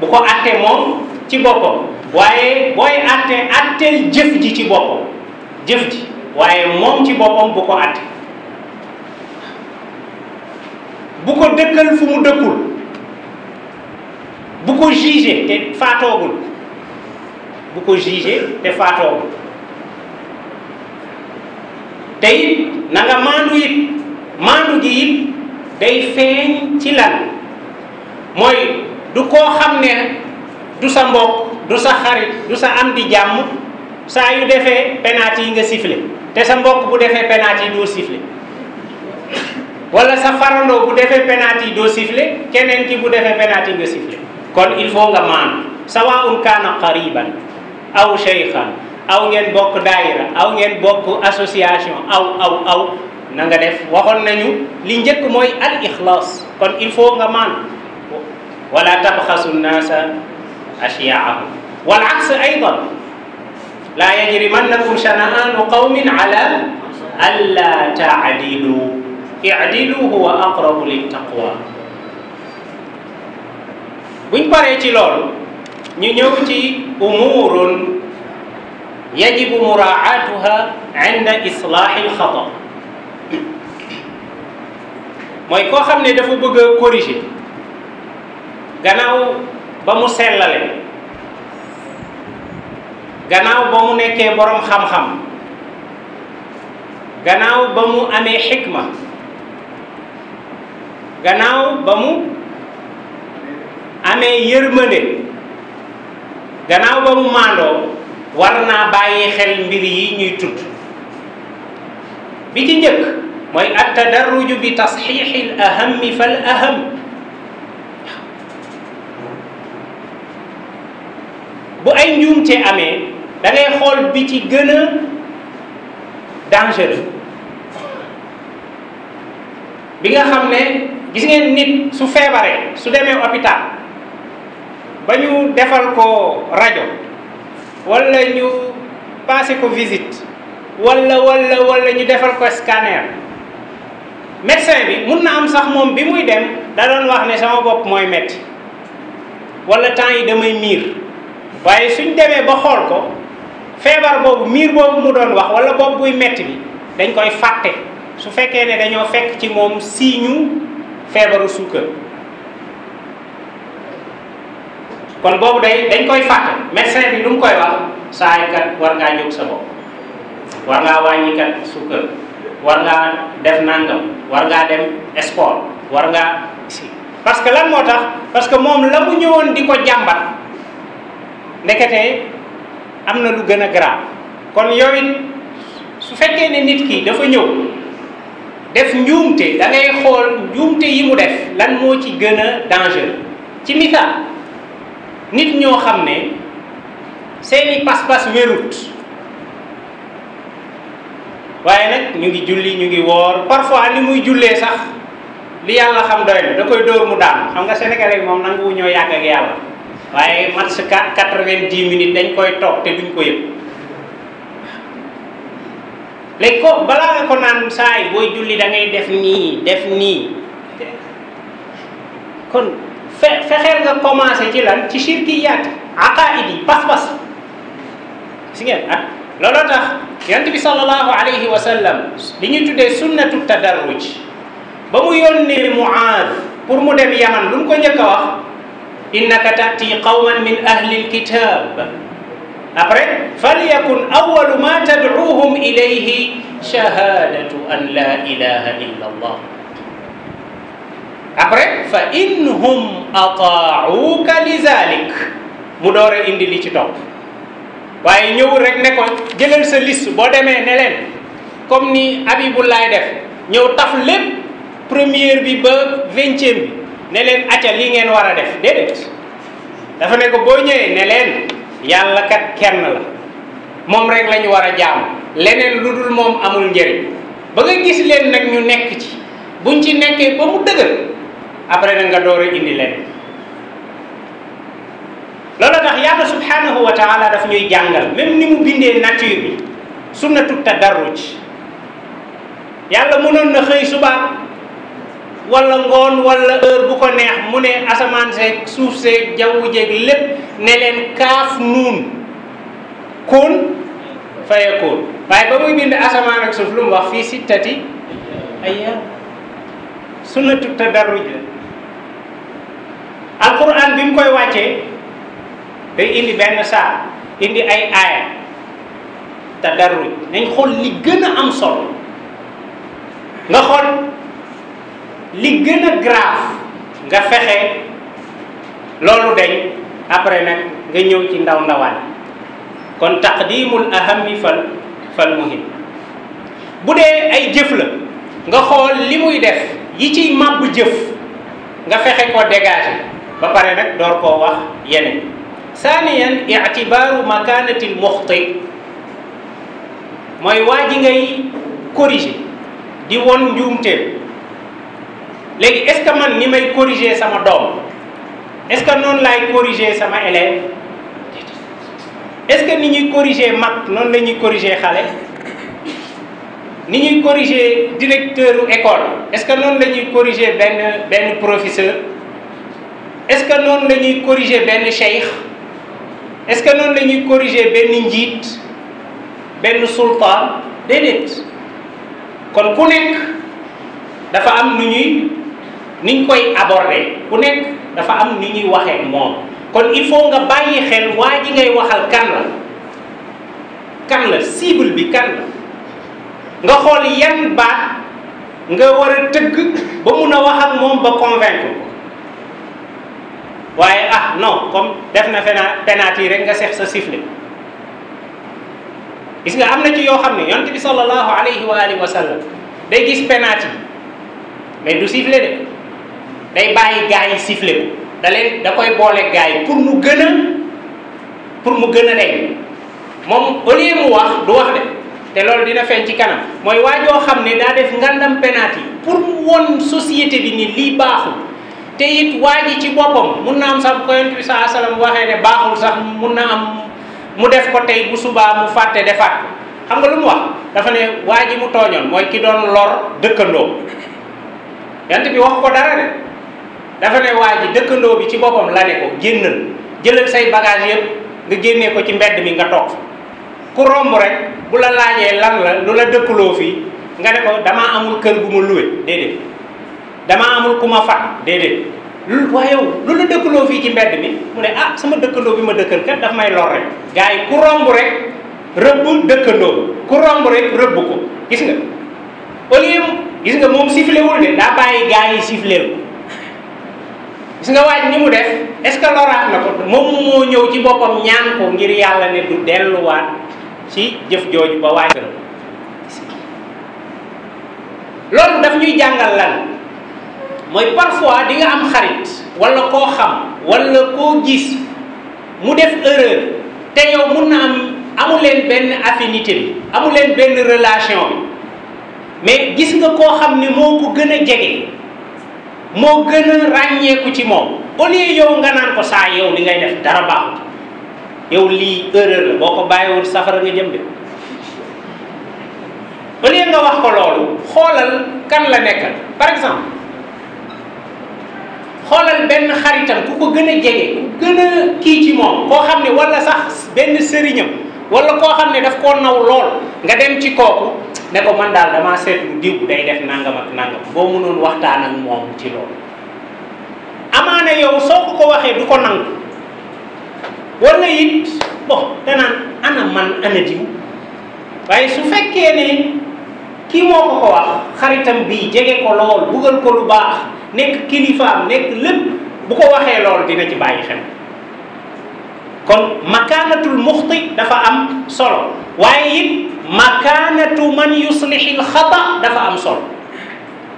bu ko attee moom ci boppam waaye booy attee atteel jëf ji ci boppam jëf ji waaye moom ci boppam bu ko atte bu ko dëkkal fu mu dëkkul bu ko jugé te faatoogul bu ko jugé te faatoogul te it maandu it maandu gi it day feeñ ci lan mooy du koo xam ne du sa mbokk du sa xarit du sa am di jàmm saa yu defee penalty yi nga sifflé te sa mbokk bu defee penalty yi doo sifflé wala sa farandoo bu defee penalty yi doo sifflé keneen ki bu defee penalty yi nga sifflé kon il faut nga maan sawaun kaana qariban aw cheykhan aw ngeen bokk daayira aw ngeen bokk association aw aw aw na def waxoon nañu li njëkk mooy al ixlaas kon il faut nga maan wala tabxasu nnaasa ashyaahum wal aks aydan laa yajrimannakum shana'aanu qawmin ala allaa taadilu idilu huwa aqrabu littaqwa buñ paree ci loolu ñu ñëw ci umuurun yajibu muraatuha inda islaahi alxata mooy koo xam ne dafa bëgg a corriger gannaaw ba mu sellale gannaaw ba mu nekkee boroom xam-xam gannaaw ba mu amee xikma gannaaw ba mu amee yërmande gannaaw ba mu maandoo war naa bàyyi xel mbir yi ñuy tudd bi ci njëkk mooy at tadarruju bi tasxiixi ahami fal aham bu ay ci amee da xool bi ci gën a dangereux bi nga xam ne gis ngeen nit su feebaree su demee hôpital ba ñu defal ko rajo walla ñu passé ko visite walla walla walla ñu defal ko scanner médecin bi mun na am sax moom bi muy dem da doon wax ne sama bopp mooy metti walla temps yi damay miir waaye suñ demee ba xool ko feebar boobu miir boobu mu doon wax wala boobu buy metti bi dañ koy fàtte su fekkee ne dañoo fekk ci moom siiñu feebaru suukar kon boobu day dañ koy fàtte médecin bi lu mu koy wax saa yi kat war ngaa jóg sa bopp war ngaa wàññi kat suukar war ngaa def nangam war ngaa dem sport war ngaa si parce que lan moo tax parce que moom la mu ñëwoon di ko jàmbat ndekete am na lu gën a grave kon yow su fekkee ne nit kii dafa ñëw def njuumte da ngay xool njuumte yi mu def lan moo ci gën a danger ci misaal nit ñoo xam ne seeni pas-pas wérut waaye nag ñu ngi julli ñu ngi woor parfois ni muy jullee sax li yàlla xam doy na da koy dóor mu daanu xam nga sénégalais moom nanguwu ñoo yàgg ak yàlla waaye match quatre vingt di minutes dañ koy toog te duñ ko yëg léegi ko balaa nga ko naan saay booy julli da def nii def nii kon fe fexeel nga commencé ci lan ci shirkiyaat aqaid yi pas-pas si ngeen ak ah, looloo tax yonent bi sallallahu alayhi wa sallam li ñuy tuddee sunnatu tadarruj ba mu yónnee Muaaz pour mu dem Yaman lu mu ko njëkk a wax innaka tati qawman min ahli lkitab après falyakun awalu ma tadcuuhum ilayhi shahadatu an la ilaha illa allah après fa inhum ataacuuka li zalik mu door a indi li ci topp waaye ñëw rek ne ko jëlal sa liste boo demee ne leen comme ni Abibulaay def ñëw taf lépp première bi ba vingtième bi ne leen acca lii ngeen war a def déedéet dafa ne ko boo ñëwee ne leen yàlla kenn la moom rek lañu war a jaamu leneen lu dul moom amul njëriñ ba nga gis leen nag ñu nekk ci buñ ci nekkee ba mu dëgër après na nga door a indi leen loolu tax yàlla subhanahu wa taala ñuy jàngal même ni mu bindee nature bi sunnatu tadarruj yàlla mënoon na xëy subaa wala ngoon wala heure bu ko neex mu ne asamaan seeg suuf seeg jawwu jeeg lépp ne leen kaaf nuun kun faye kun waaye ba muy bind asamaan ak suuf lu mu wax fii sittati ayya sunnatu tadarruj la alquran bi mu koy wàccee day indi benn saar indi ay aaya tadarruj nañ xool li gën a am solo nga xool li gën a nga fexe loolu dañ après nag nga ñëw ci ndaw ndawaan kon tax di taqdimul ni fal fal muhim bu dee ay jëf la nga xool li muy def yi ciy màbb jëf nga fexe ko dégager ba pare nag door koo wax yeneen saaniyan ictibaaru makaanatil muxti mooy waa ji ngay corriger di won njuumteem léegi est-ce que man ni may corriger sama doom est-ce que noonu laay corriger sama élève est-ce que ni ñuy corriger mag noonu la ñuy corriger xale ni ñuy corriger directeur u école est-ce que noonu la ñuy corriger benn benn professeur est-ce que noonu la ñuy corriger benn cheikh est-ce que noonu lañuy ñuy corriger benn njiit benn sultan déedéet kon ku nekk dafa am nu ñuy niñ koy aborder ku nekk dafa am ni ñuy waxee moom kon il faut nga bàyyi xel waa ji ngay waxal kan la kan la cible bi kan la nga xool yan baat nga war a tëgg ba mun a wax ak moom ba convaincre ko waaye ah non comme def na fena penati rek nga seex sa sifflet gis nga am na ci yoo xam ne yonent bi sallallahu alayhi wa alihi wa day gis penati mais du sifflet de day bàyyi gaa yi sifle ko da leen da koy boole gaa yi pour mu gën a pour mu gën a deñ moom au lieu mu wax du wax de te loolu dina feeñ ci kanam mooy waajoo xam ne daa def ngandam penaat yi pour mu won société bi nii lii baaxul te it waa ji ci boppam mun na am sax bu ko yonent bi saa salaam waxee ne baaxul sax mun na am mu def ko tey bu subaa mu fàtte defaat xam nga lu mu wax dafa ne waa ji mu tooñoon mooy ki doon lor dëkkandoo yonent bi wax ko dara rek dafa ne waa dëkkandoo bi ci boppam la ne ko génnal jëlal say bagage yëpp nga génnee ko ci mbedd mi nga toog ku romb rek bu la laajee lan la lu la dëkkaloo fii nga ne ko damaa amul kër bu ma luwe déedéet damaa amul ku ma fat déedéet lu waaye yow lu la dëkkaloo fii ci mbedd mi mu ne ah sama dëkkandoo bi ma dëkkal kat daf may lor gaay gars yi ku romb rek rëbbul dëkkandoo ku romb rek rëbb ko gis nga au gis nga moom siflewul de daa bàyyi gars yi gis nga waaj ni mu def est ce que loraat na ko moom moo ñëw ci boppam ñaan ko ngir yàlla ne du delluwaat ci jëf jooju ba waaj loolu daf ñuy jàngal lan mooy parfois di nga am xarit wala koo xam wala koo gis mu def erreur te yow mun na am amu leen benn affinité bi amu leen benn relation bi mais gis nga koo xam ne moo ko gën a jege moo gën a ràññeeku ci moom au lieu yow nga naan ko saa yow li ngay def dara baaxut yow lii erreur la boo ko bàyyiwul safara nga jëm de au lieu nga wax ko loolu xoolal kan la nekkal par exemple xoolal benn xaritam ku ko gën a jege ku gën a kii ci moom koo xam ne wala sax benn sëriñam wala koo xam ne daf koo naw lool nga dem ci kooku ne ko man daal damaa seetlu diw day def nangam ak nangam boo mënoon waxtaan ak moom ci loolu amaana yow soo ko ko waxee du ko nangu wala it bon danaan ana man ana diw waaye su fekkee ne kii moo ko ko wax xaritam bii jege ko lool buggal ko lu baax nekk kilifaam nekk lépp bu ko waxee lool dina ci bàyyi xel kon makaanatul muxti dafa am solo waaye it makaanatu man yuslihil xata dafa am solo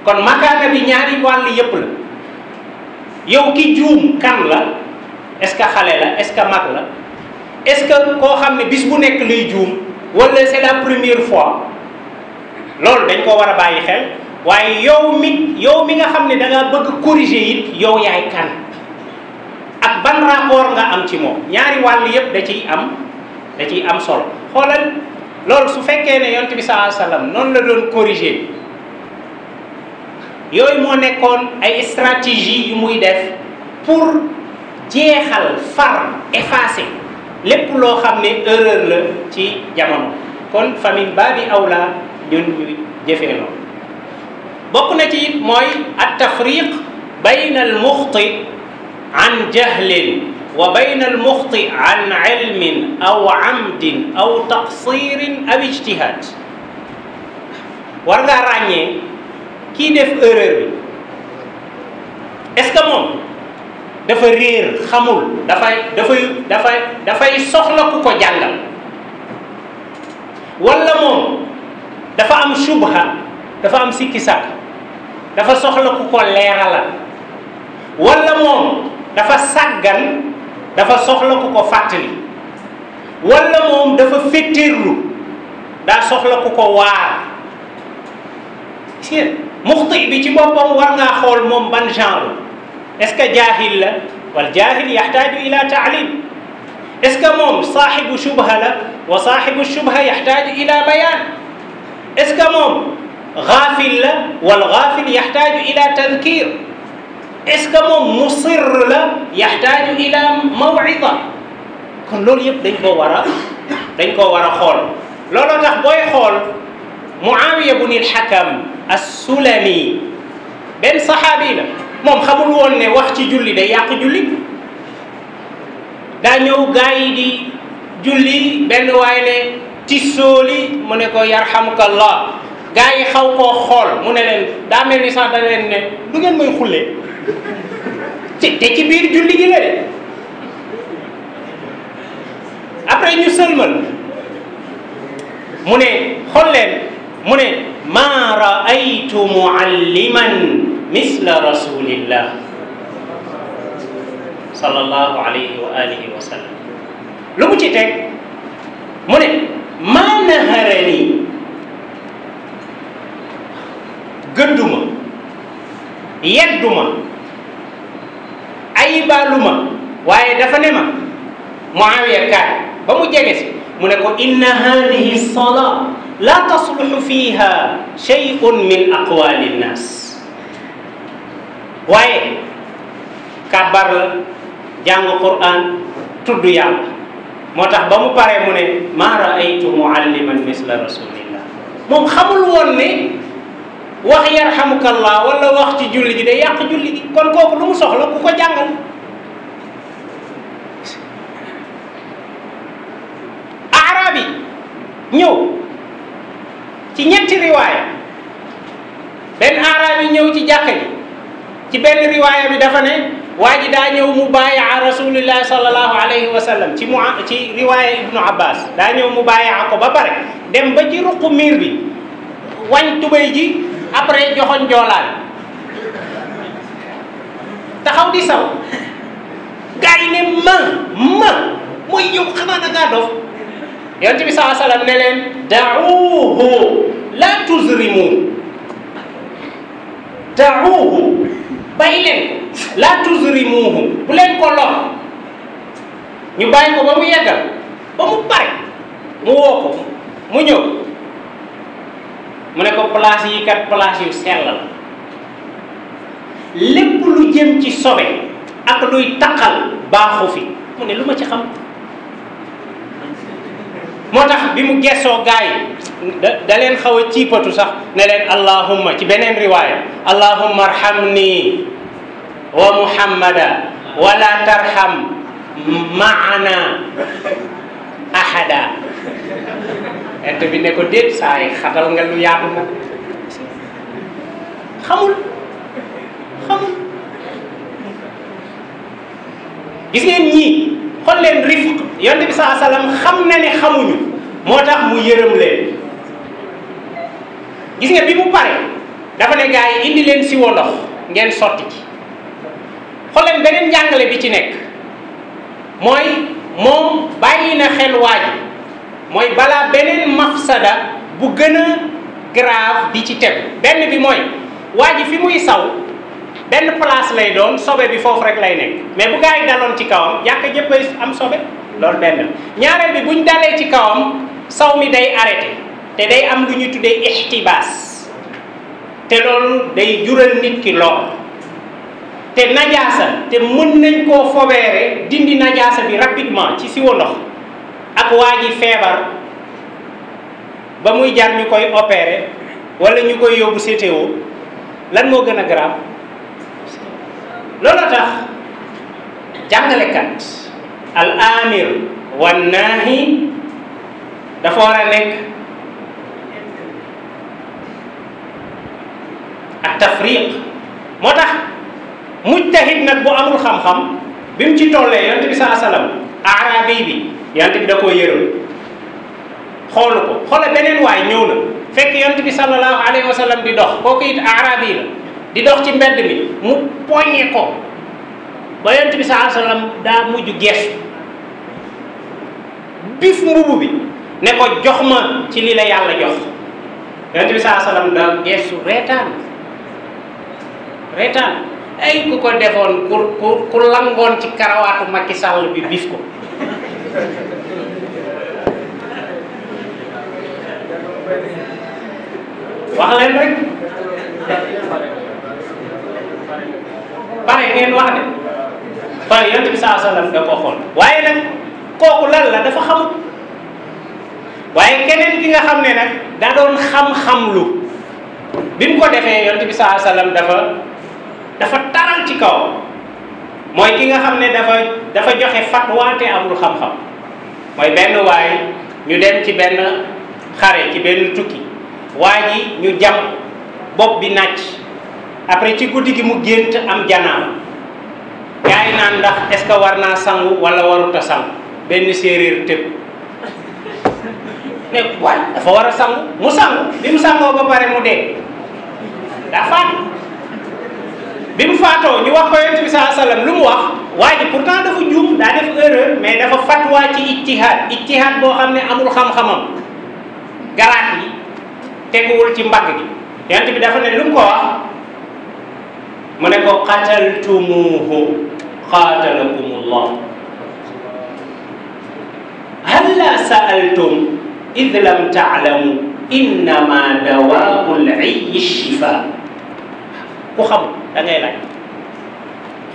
kon makaana bi ñaari wàll yépp la yow ki juum kan la est-ce que xale la est-ce que mag la est-ce que koo xam ne bis bu nekk lay juum walla c'est la première fois loolu dañ ko war a bàyyi xel waaye yow mi yow mi nga xam ne da bëgg corriger it yow yaay kan ak ban rapport nga am ci moom ñaari wàll yëpp da ciy am da ciy am solo xoolal loolu su fekkee ne yont bi sallallahu alayhi wasallam noonu la doon corriger yooyu moo nekkoon ay stratégie yu muy def pour jeexal far effacer lépp loo xam ne erreur la ci jamono kon famille ba bi aw la ñun jëfee loolu bokk na ci it mooy at tafriq bayna al muxti عن جهل وبين المخطئ عن علم أو عمد أو تقصير أو اجتهاد war ngaa ràññee kii def erreur bi est-ce que moom dafa réer xamul dafay dafay dafay dafay soxla ku ko jàngal walla moom dafa am subha dafa am sikki sàkk dafa soxla ku ko leeralal walla moom dafa sàggan dafa soxla ku ko fàttali walla moom dafa féttéerlu daa soxla ku ko waar si muxti bi ci boppam war ngaa xool moom ban genre est-ce que jaahil la wal jaahil yaxtaaju ila taalim est-ce que moom saaxibu shubha la wa saaxibu shubha yaxtaaju ila bayaan est-ce que moom gaafil la wal gaafil yaxtaaju ila tadkir est-ce que moom musir la yaxtaaju ila mawida kon loolu yëpp dañ koo war a dañ koo war a xool looloo tax booy xool Muawiya bun al-Hakam as-Sulami benn saxaabi la moom xamul woon ne wax ci julli day yàq julli daa ñëw gaa yi di julli benn waay ne ci sóoli mu ne ko yarhamukallah gaa yi xaw koo xool mu ne leen daa mel ni sax da leen ne du ngeen may xulle ci te ci biir julli gi la de après ñu sëlmal mu ne xool leen mu ne maa raaytu mualliman misla rasulillah sallallahu alayhi wa alihi wa sallam mu ci teg ne maa gëdduma yedduma ayibaaluma waaye dafa ne ma Muawiya kaay ba mu jege si mu ne ko inna hadihi salaa laa tasluxu fiiha shay'un min aqwaali nnaas waaye kàbbar la jàng Qur'an tudd yàlla moo tax ba mu paree mu ne maa raaytu mualliman misla rasulillah moom xamul woon ne wax yarhamukallah wala wax ci julli gi day yàq julli gi kon kooku lu mu soxla ku ko jàngal arab yi ñëw ci ñetti riwaaya benn arab yi ñëw ci jàkka ji ci benn riwaaya bi dafa ne waa ji daa ñëw mu baayaa rasulillahi sallallahu alayhi wa sallam ci mu ci riwaaya ibnu abbas daa ñëw mu baayaa ko ba pare dem ba ci ruqu miir bi wañ tubay ji après joxoñ joolaan taxaw di saw gaa ma ma mooy yow xanaa na ngaa dof yonent bi saa sallam ne leen daawuhu la tuzrimu daawuhu bàyyi leen ko la tuzrimuhu bu leen ko lor ba mu yeggal ba mu pare mu woo mu ñëw mu ne ko place yi kat place yu sell la lépp lu jëm ci sobe ak luy taqal baaxu fi mu ne lu ma ci xam moo tax bi mu gessoo gaay da da leen xaw a ciipatu sax ne leen allahumma ci beneen riwaaya allahumma arhamni wa muhammada wala tarham maana ahada ent bi ne ko déet saa yi xatal nga lu yaatu ko xamul xamul gis ngeen ñii xool leen rifq yonent bi saa salaam xam na ne xamuñu moo tax mu yërëm leen gis nga bi mu pare dafa ne gaa yi indi leen si wo ndox ngeen sotti ci xool leen beneen njàngale bi ci nekk mooy moom bàyyi na xel waaju mooy balaa beneen mafsada bu gën a grave di ci tegu benn bi mooy waa ji fi muy saw benn place lay doon sobe bi foofu rek lay nekk mais bu gaa yi daloon ci kawam jàkka jëpp am sobe loolu benn ñaareel bi buñ dalee ci kawam saw mi day arrêté te day am lu ñu tuddee ixtibaas te loolu day jural nit ki lool te najaasa te mën nañ koo fobeere dindi najaasa bi rapidement ci siwo ndox ak waa ji feebar ba muy jar ñu koy opérer wala ñu koy yóbbu CTO lan moo gën a grave loolu tax jàngalekat al amir wan naahi dafa war a nekk ak tafriq moo tax mujtahid nag bu amul xam-xam bi mu ci tollee yonent bi saa salaam arabi bi yant bi da koo yërëm xoolu ko xoola beneen waay ñëw na fekk yant bi sallallahu alayhi wa di dox kooku it araab la di dox ci mbedd mi mu poñe ko ba yant bi sallallahu alayhi wa sallam mujj geesu bif mbubu bi ne ko jox ma ci li la yàlla jox yant bi sallallahu alayhi wa sallam daa geesu reetaan reetaan ay ku ko defoon ku ku ku langoon ci karawaatu Macky Sall bi bif ko wax leen rek pare ngeen wax de pare yonent bi saa sallam da ko xool waaye nag kooku lan la dafa xamut waaye keneen ki nga xam ne nag da doon xam-xam lu bi mu ko defee yonent bi saa sallam dafa dafa taral ci kaw mooy ki nga xam ne dafa dafa joxe fatwa te amul xam-xam mooy benn waay ñu dem ci benn xare ci benn tukki waa ji ñu jam bopp bi nàcc après ci guddi gi mu gént am janaaba gars naan ndax est-ce que war naa sangu wala warut sangu benn séeréer tëb ne waay dafa war a sangu mu sangu bi mu sangoo ba pare mu dee daa faatu bi mu faatoo ñu wax ko yonent bi saa sallam lu mu wax waa ji pourtant dafa juum daa def erreur mais dafa fatwa ci ijtihaad ijtihaad boo xam ne amul xam-xamam garaat yi teguwul ci mbagg gi yonent bi dafa ne lu mu ko wax mu ne ko qataltumuhu qatalakumullah halla sa'altum id lam ta'lamu innama dawaa'ul 'ayyi shifa ku xamul da ngay laaj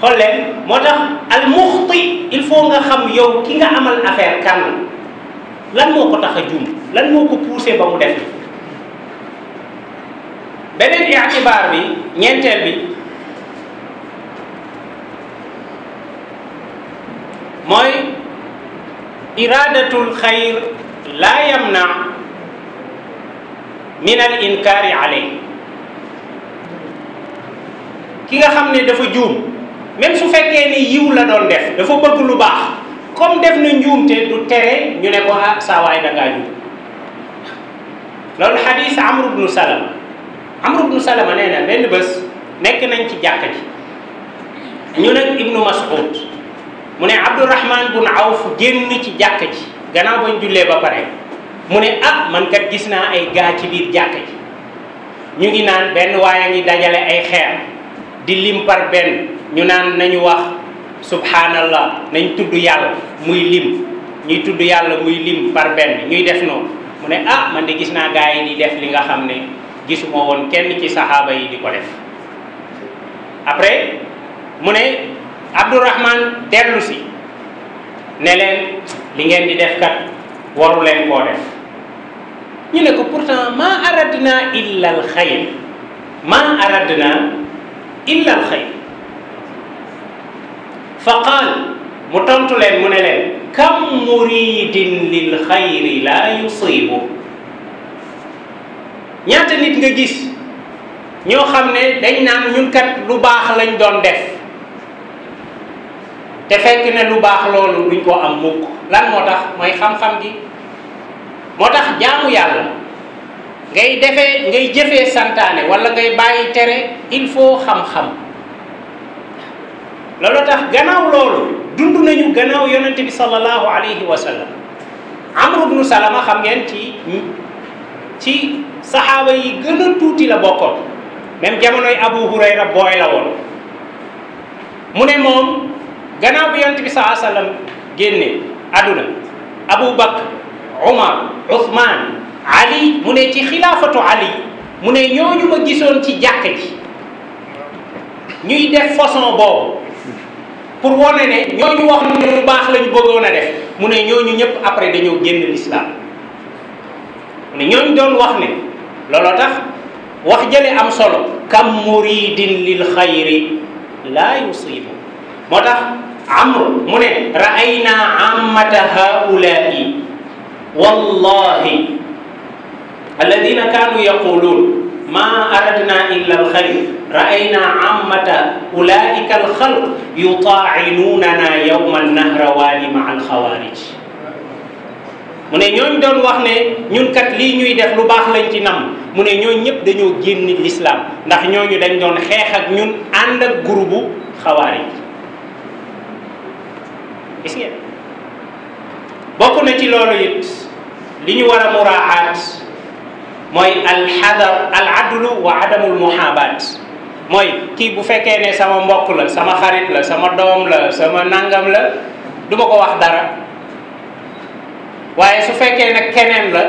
xool moo tax al muxti il faut nga xam yow ki nga amal affaire kan lan moo ko tax a lan moo ko poussé ba mu def beneen itibaar bi ñeenteel bi mooy iradatul xayr laa yamna min al inkaari alayhi ki nga xam ne dafa juum même su fekkee ni yiw la doon def dafa bëgg lu baax comme def na njuumte du tere ñu ne ko ah saa waay da ngaa juum loolu xadis amru bnu salama amru bnu salama nee na benn bés nekk nañ ci jàkk ji ñu nag ibnu mas'ud mu ne abdourahman bun awf génn ci jàkk ji gannaaw bañ jullee ba pare mu ne ah man kat gis naa ay gaa ci biir jàkk ji ñu ngi naan benn waaye ngi dajale ay xeer di lim par benn ñu naan nañu wax subhanallah nañ tudd yàlla muy lim ñuy tudd yàlla muy lim par benn ñuy def noonu mu ne ah man de gis naa gaa yi di def li nga xam ne gisuma woon kenn ci saxaaba yi di ko def après mu ne Abdourahman dellu si ne leen li ngeen di def kat leen koo def ñu ne ko pourtant ma aradna illa al xayr ma aradna illa al xayr mu tontu leen mu ne leen kam muridin lil xayri laa yusibu ñaata nit nga gis ñoo xam ne dañ naan ñun kat lu baax lañ doon def te fekk ne lu baax loolu duñ ko am mukk lan moo tax mooy xam-xam gi moo tax jaamu yàlla ngay defee ngay jëfee santaane wala ngay bàyyi tere il faut xam-xam loolu tax gannaaw loolu dund nañu gannaaw yonente bi sallallahu alayhi wa sallam amru bnu salama xam ngeen ci ci saxaaba yi gën a tuuti la bokkoon même jamonoy abu hurayra booy la woon mu ne moom gannaaw bi yonente bi sallallahu alayhi génne àdduna abu bakr umar usman ali mu ne ci xilaafatu ali mu ne ñooñu ma gisoon ci jàkk ji ñuy def façon boobu pour wane ne ñooñu wax ne lu baax la ñu bëggoon a def mu ne ñooñu ñëpp après dañoo génn l'islam mu ne ñooñu doon wax ne looloo tax wax jële am solo kam muridin lil xayri laa yusibu moo tax amr mu ne ra'ayna ammata haula'i wallahi alladina kanu yaquluun ma aradna illa alxayr raayna ammata ulaika alxalq yutaacinunana yowma alnahrawani maa alxawaarij mu ne ñooñ doon wax ne ñun kat lii ñuy def lu baax lañ ci nam mu ne ñooñ ñëpp dañoo génn lislaam ndax ñooñu dañ doon xeex ak ñun ànd ak gurubu xawaarij bokk na ci loolu it li ñu war a muraaxaat mooy alxadar al adlu wa adamul muhabaat mooy kii bu fekkee ne sama mbokk la sama xarit la sama doom la sama nangam la duma ko wax dara waaye su fekkee ne keneen la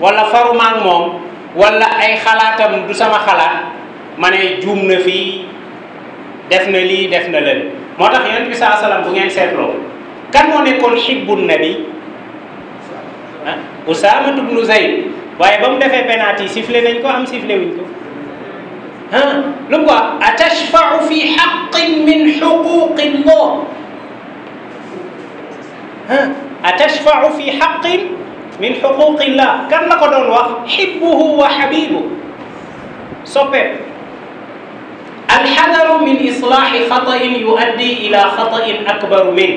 wala faruma ak moom wala ay xalaatam du sama xalaat ma ne juum na fii def na lii def na leen moo tax yonent bi saa salaam bu ngeen seetloo kan moo nekkoon xibbun nabi ah Usaama ibnu waaye ba mu defee penalty sifflé nañ ko am sifflé wuñ ko ah lu mu ko atashfau fi xaqin min xuquqi llah ah atashfau fi xaqin min xuquqi llah kan la ko doon wax xibbuhu wa xabibu soppeem alxadaru min islaaxi xatain yuaddi ila xatain akbaru min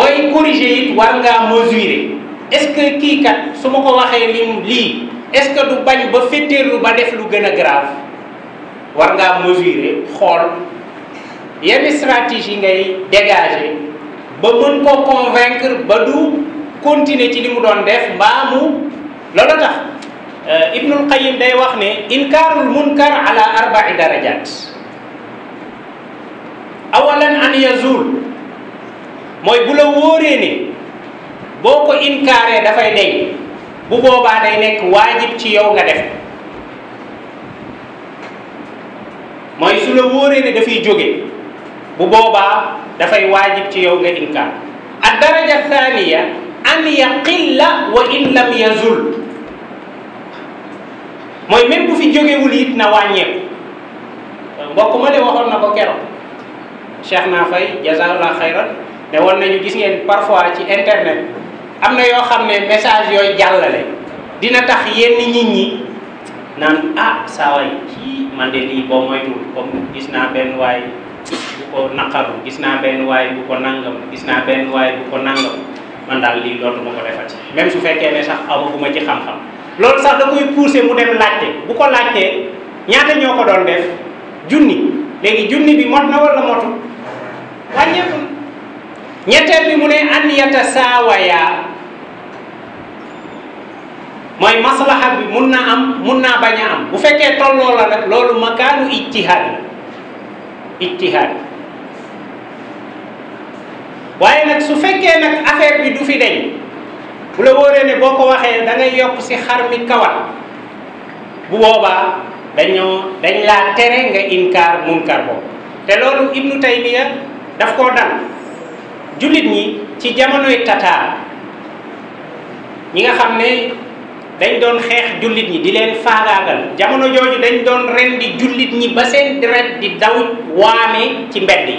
booy corriger it war ngaa mesurer est-ce que kii kan su ma ko waxee lim lii est-ce que du bañ ba féttéerlu ba def lu gën a war ngaa mesurer xool yenn stratégie ngay dégager ba mën koo convaincre ba du continuer ci li mu doon def mbaa mu loolu tax euh, Ibnul Qayyim day wax ne inkaarul munkar ala arba'i darajat awalan an mooy bu la wóoree ne boo ko inkaaree dafay deñ bu boobaa day nekk waajib ci yow nga def mooy su la wóoree ne dafay jóge bu boobaa dafay waajib ci yow nga inkaar ad daraja thaniya an yaqilla wa in lam yazul mooy même bu fi jógewul it na wàññeeku mbokk ma de waxoon na ko keroog Cheikh naa fay jazakallah xayran ne woon nañu gis ngeen parfois ci internet am na yoo xam ne message yooyu jàllale dina tax yenn nit ñi naan ah saa waay kii man de lii boo moytuwul comme gis naa benn waaye bu ko naqaru gis naa benn waay bu ko nangam gis naa benn waay bu ko nangam man daal lii loolu ma ko defati même su fekkee ne sax amaguma ci xam-xam loolu sax da koy mu dem laajte bu ko laajtee ñaata ñoo ko doon def junni léegi junni bi mot na wala motul wàññeeku ñetteel bi mu ne an yata saawaya mooy maslaha bi mun naa am mun naa bañ am bu fekkee tolloo la nag loolu makaanu ijtihaad la ijtihaad waaye nag su fekkee nag affaire bi du fi deñ bu la wóoree ne boo ko waxee da yokk si xar mi kawat bu boobaa dañoo dañ laa tere nga inkaar munkar boobu te loolu ibnu taymiya daf koo dal jullit ñi ci jamonoy tataar ñi nga xam ne dañ doon xeex jullit ñi di leen faagaagal jamono jooju dañ doon rendi jullit ñi ba seen deret di daw waame ci mbedd yi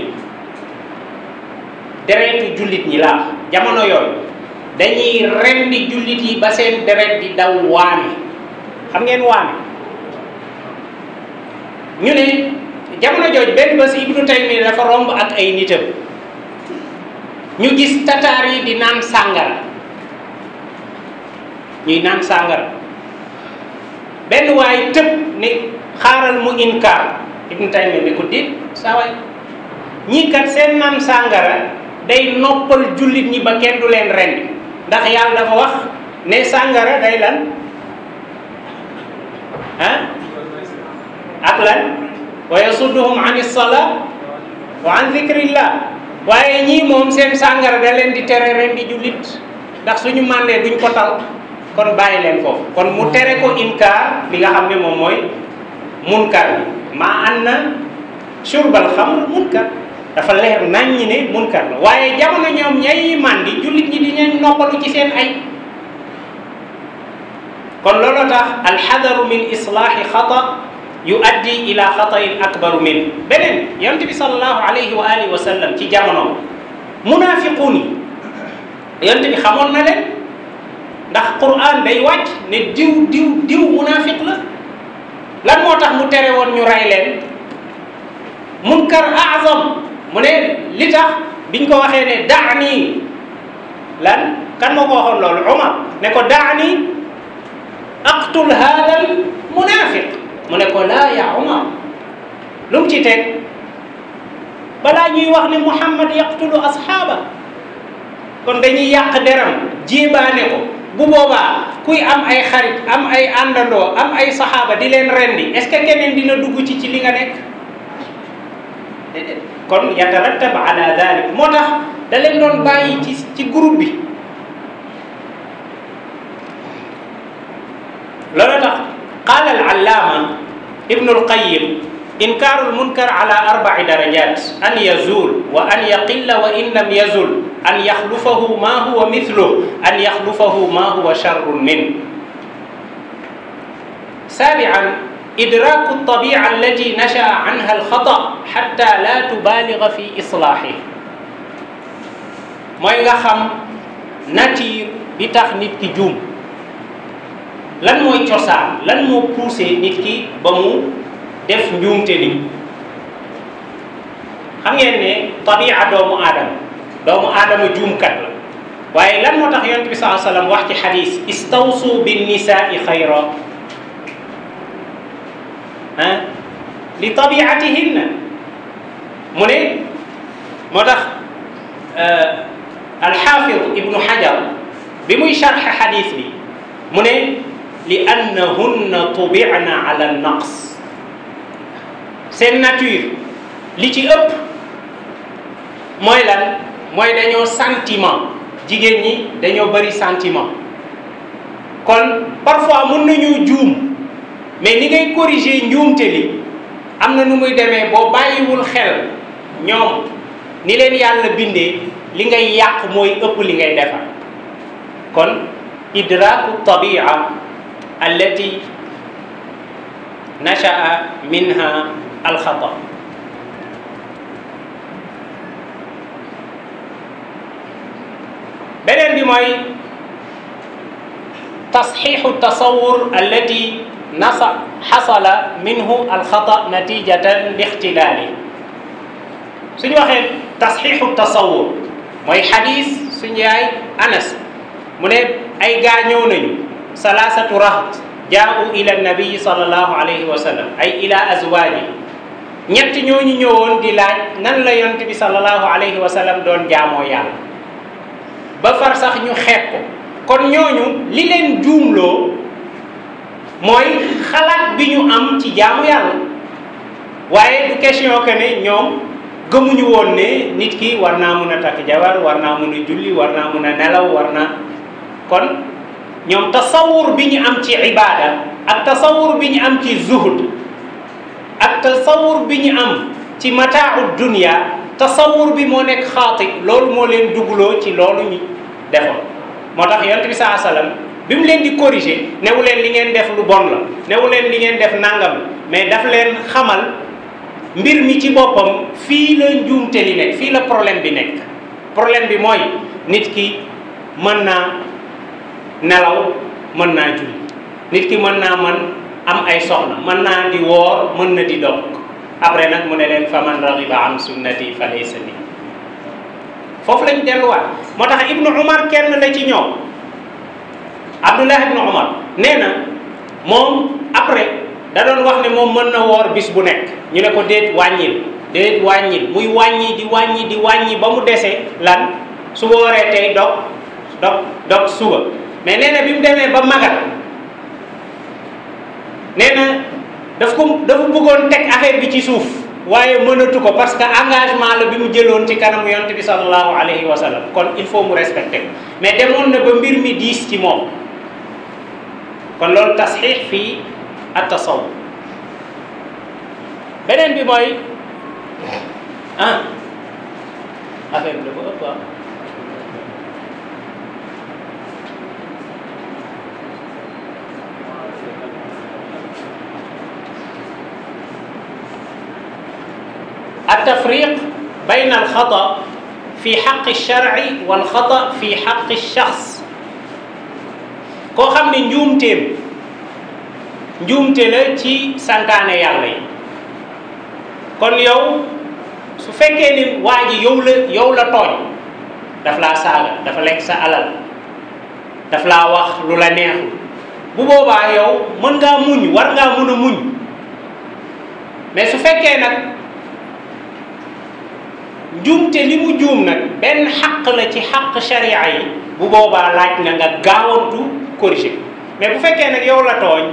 deretu jullit ñi laa jamono yoon dañuy rendi jullit yi ba seen deret di daw waame xam ngeen waame ñu ne jamono jooju benn bés Ibnu Taymiya dafa romb ak ay nitam ñu gis tataar yi di naan sàngara ñuy naan sàngara benn waay tëb ni xaaral mu inkaar Ibn Taymiya ni ko déet saa ñii kat seen naan sàngara day noppal jullit ñi ba kenn du leen rendi ndax yàlla dafa wax ne sàngara day lan ah ak lan wa yasudduhum an is-salaa wa an dhikrillah waaye ñii moom seen sàngara da leen di tere rendi jullit ndax suñu màndee duñ ko tal kon bàyyi leen foofu kon mu tere ko inkaar li nga xam ne moom mooy munkar bi maa an na surbal xamr munkar dafa leer nañ ñi ne munkar la waaye jamono ñoom ñay màndi jullit ñi di leen noppalu ci seen ay kon loolu tax alxadaru min islaahi xata yuaddi ila xatayin akbaru min beneen yonent bi salallahu alayhi wa alihi wa sallam ci jamono munaafiquun yi yonent ndax Qur'an day wàcc ne diw diw diw munaafiq la lan moo tax mu tere woon ñu rey leen munkar azam mu ne li tax biñ ko waxee ne ni lan kan moo ko waxoon loolu Umar ne ko daani aqtul haadal munaafiq mu ne ko laa yaa Umar lu mu ci teg balaa ñuy wax ne Muhammad yaqtulu asxaaba kon dañuy yàq ba jéebaane ko bu boobaa kuy am ay xarit am ay àndandoo am ay saxaaba di leen rendi est-ce que keneen dina dugg ci ci li nga nekk déedéet kon yatarattab ala dalik moo tax daleen leen doon bàyyi ci ci groupe bi loolu tax qaala al allaama ibnu al inkaarul munkar ala arbai darajat an yazul wa an yaqilla wa in lam yazul an yaxlufahu ma huwa mithlu an yaxlufahu ma huwa charrun min saabian idraku ltabia allati nachaa anha alxata xatta la tubaliga fi islaaxi mooy nga xam nature bi tax nit ki juum lan mooy cosaan lan moo poussé nit ki ba mu def njuumte ni xam ngeen ne tabia doomu aadama doomu aadama juumkat la waaye lan moo tax yonent bi saa sallam wax ci xadis istawsu bin nisaai xayra ah li tabiatihinna mu ne moo tax eh, alxaafid ibnu xajar bi muy charxe xadis bi mu ne li annahunna tubicna ala naqs seen nature li ci ëpp mooy lan mooy dañoo sentiment jigéen ñi dañoo bari sentiment kon parfois mën nañu juum mais li ngay corriger njuumte li am na nu muy demee boo bàyyiwul xel ñoom ni leen yàlla bindee li ngay yàq mooy ëpp li ngay defar kon idraku tabia allati nasha'a minha alxata beneen bi mooy tasxiixu tasawur allati nasa xasala minhu alxata natijatan li ixtilaali suñu waxee tasxiixu tasawur mooy xadis suñu yaay anas mu ne ay gaa ñëw nañu salaasatu raht jaau ila nabiyi sallallahu alayhi wa sallam ay ila azwaaji ñett ñooñu ñëwoon di laaj nan la yonent bi sallallahu alayhi wa doon jaamoo yàlla ba far sax ñu xeeb ko kon ñooñu li leen juumloo mooy xalaat bi ñu am ci jaamu yàlla waaye du question que ne ñoom gëmuñu woon ne nit ki war naa mën a takk jabar war naa mën a julli war naa mun a nelaw war naa kon ñoom tasawur bi ñu am ci ibaada ak tasawur bi ñu am ci zuhud ak tasawur bi ñu am ci mataaxu dunia tasawur bi moo nekk xaati loolu moo leen dugloo ci loolu ñu defoon moo tax yonent bi saa salaam bi mu leen di corriger newu leen li ngeen def lu bon la newu leen li ngeen def nangam mais daf leen xamal mbir mi ci boppam fii la njuumte li nekk fii la problème bi nekk problème bi mooy nit ki mën naa nelaw mën naa juum nit ki mën naa mën am ay soxna mën naa di woor mën na di dog après nag mu ne leen fa man raxiba am sunnati fa laysa bi foofu lañ delluwaat moo tax ibnu umar kenn la ci ñoom abdullah ibnu umar nee na moom après da doon wax ne moom mën na woor bis bu nekk ñu ne ko déet wàññil déet wàññil muy wàññi di wàññi di wàññi ba mu desee lan su wooree tey dog dog dog suba mais nee na bi mu demee ba magal nee na daf ko dafa bëggoon teg affaire bi ci suuf waaye mënatu ko parce que engagement la bi mu jëloon ci kanamu yonent bi sallallahu alayhi wa sallam kon il faut mu respecté ko mais demoon na ba mbir mi diis ci moom kon loolu tasxiix fii at tasawuf beneen bi mooy ah bi dafa ëpp ah. التفريق بين الخطأ في حق الشرع والخطأ في حق الشخص koo xam ne njuumteem njuumte la ci santaane yàlla yi kon yow su fekkee ni waa ji yow la yow la tooñ daf laa saaga dafa lekk sa alal daf laa wax lu la neexul bu boobaa yow mën ngaa muñ war ngaa mën a muñ mais su fekkee nag njuumte li mu juum nag benn xaq la ci xaq sharia yi bu boobaa laaj na nga gaawantu corriger mais bu fekkee nag yow la tooñ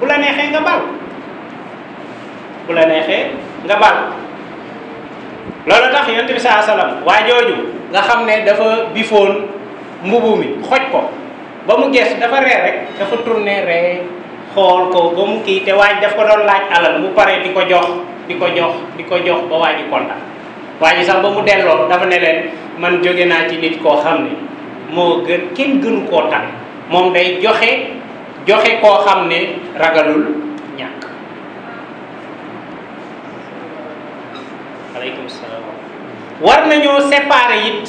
bu la neexee nga bal bu la neexee nga bal loolu tax yonent bi saa salaam waa jooju nga xam ne dafa bifoon mbubu mi xoj ko ba mu gees dafa ree rek dafa tourné ree xool ko ba mu kii te waaj daf ko doon laaj alal mu paree di ko jox di ko jox di ko jox ba waa ji waa ji sax ba mu delloo dafa ne leen man jóge naa ci nit koo xam ne moo gën kenn gënu koo tane moom day joxe joxe koo xam ne ragalul ñàkk war nañoo séparer it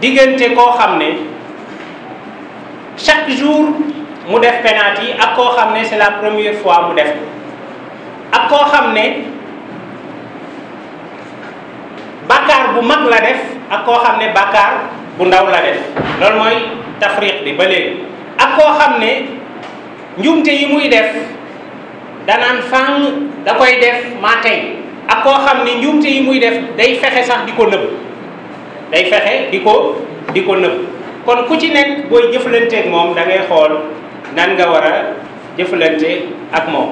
diggante koo xam ne chaque jour mu def penalty yi ak koo xam ne c'est la première fois mu def ko ak koo xam ne bàkkaar bu mag la def ak koo xam ne bàkkaar bu ndaw la def loolu mooy tafriq bi ba léegi ak koo xam ne njumte yi muy def danaan fang da koy def maa tey ak koo xam ne njuumte yi muy def day fexe sax di ko nëbb day fexe di ko di ko nëbb kon ku ci nekk booy jëflanteeg moom dangay xool nan nga war a jëflante ak moom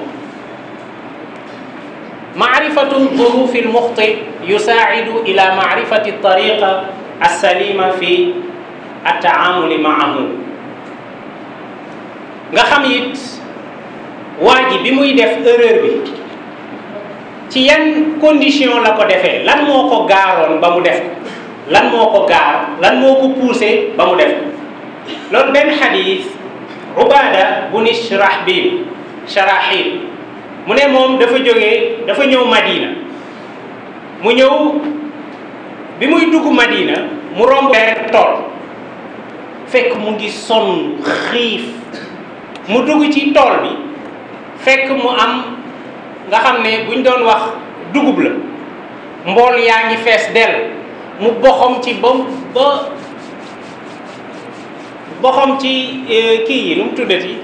maarifatun durufi lmuxti yusaaidu ila maarifati tariqa alsalima fi altaamuli maahu nga xam it waa ji bi muy def erreur bi ci yan condition la ko defee lan moo ko gaaroon ba mu def ko lan moo ko gaar lan moo ko poussé ba mu def ko loolu benn xadis ubada buni shrahbil sharahil mu ne moom dafa jóge dafa ñëw Madina mu ñëw bi muy dugg Madina mu romb benn tool fekk mu ngi sonn xiif mu dugg ci tool bi fekk mu am nga xam ne buñ doon wax dugub la mbool yaa ngi fees dell mu boxom ci ba ba boxom ci eh, kii yi nu mu tuddati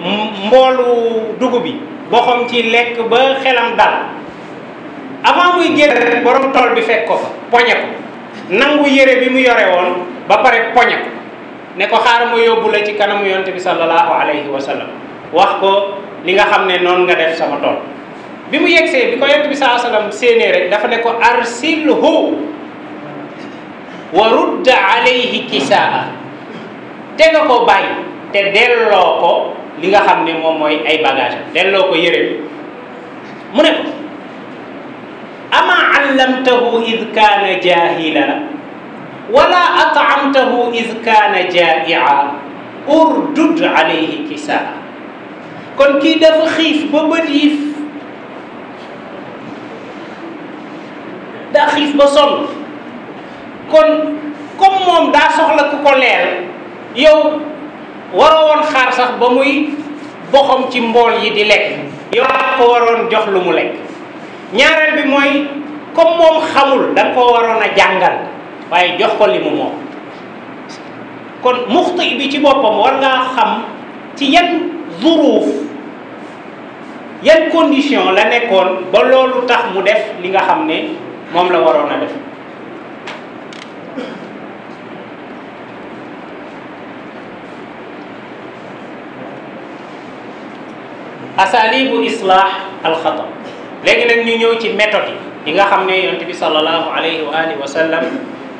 mboolu dugub bi boxam ci lekk ba xelam dal avant muy génn borom tool bi fekk ko fa poñe ko nangu yére bi mu yore woon ba pare poñe ko ne ko xaar ma yóbbu la ci kanamu yonte bi sallallahu alayhi wa wax ko li nga xam ne noonu nga def sama tool bi mu yegsee bi ko yonte bi sallallahu alayhi rek dafa ne ko arsilhu wa rudd alayhi kisaa te nga ko bàyyi te delloo ko li nga xam ne moom mooy ay bagage am delloo ko yére bi mu ne ko ama allamtahu id kaana jahila wala atamtahu id kaana jaia urdud alayhi kisaa kon kii dafa xiif ba bët yi xiif ba sonn kon moom daa soxla ko leer waroo woon xaar sax ba muy boxam ci mbool yi di lekk yow ko waroon jox lu mu lekk ñaareel bi mooy comme moom xamul da nga koo waroon a jàngal waaye jox ko li mu moom kon muxti bi ci boppam war ngaa xam ci yan zuruuf yan condition la nekkoon ba loolu tax mu def li nga xam ne moom la waroon a def asalibu islaax alxata léegi nag ñu ñëw ci méthode yi nga xam ne yonent bi sallallahu alayhi wa alihi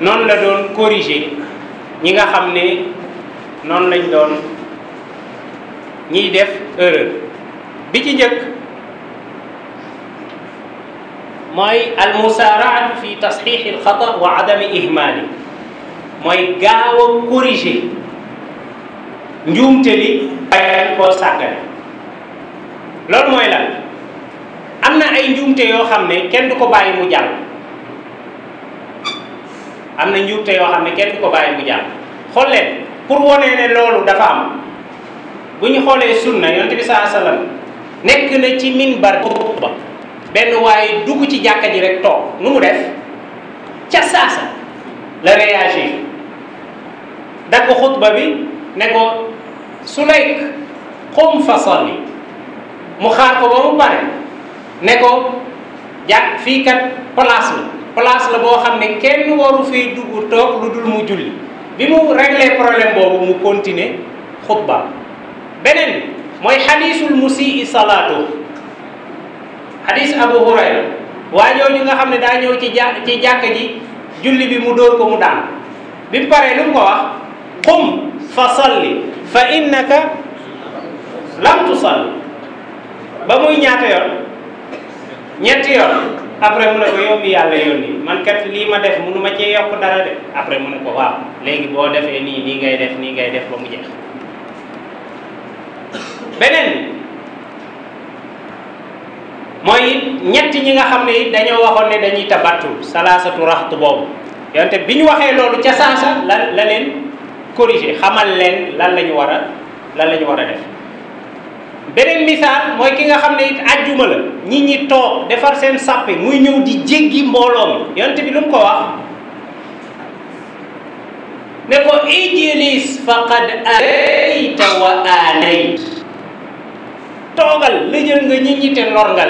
noonu la doon corriger ñi nga xam ne noonu lañ doon ñiy def erreur bi ci njëkk mooy almusaaraatu fi tasxiixi alxata wa adami ihmaali mooy gaaw a corriger njuumte li bañ loolu mooy lan am na ay njuumte yoo xam ne kenn du ko bàyyi mu jàll am na njuumte yoo xam ne kenn du ko bàyyi mu jàll xool pour wone ne loolu dafa am bu ñu xoolee sunna yonent bi saa sallam nekk na ci minbar ba benn waaye dugg ci jàkka ji rek toog nu mu def ca saasa la réagir dagg xutba bi ne ko su lekk xum fa salli mu xaar ko ba mu pare ne ko jàpp fii kat place la place la boo xam ne kenn waru fii dugg toog lu dul mu julli bi mu réglé problème boobu mu continuer ba beneen mooy xadiisul musii salaatu xadiis abu hurayra waa jooju nga xam ne daa ñëw ci jà ci jàkk ji julli bi mu dóor ko mu daan bi mu paree lu mu ko wax qum fa salli fa innaka lam tusalli ba muy ñaata yoon ñetti yoon après mu ne ko yow mi yàlla yónni man kat lii ma def mënu ma cee yokk dara de après mu ne ko waaw léegi boo defee nii nii ngay def nii ngay def ba mu jeex beneen mooy ñett ñi nga xam ne it dañoo waxoon ne dañuy tabattu salaasatu raxtu boobu yonte bi ñu waxee loolu ca saasa la la leen corrigé xamal leen lan la ñu war a lan la ñu war a def beneen misaal mooy ki nga xam ne it ajjuma la ñi ñi toog defar seen sàppe muy ñëw di jéggi mbooloo mi yonent bi lu mu ko wax ne ko ijlis faqad alayta wa aanayt toogal lëjël nga ñi ñi te lor nga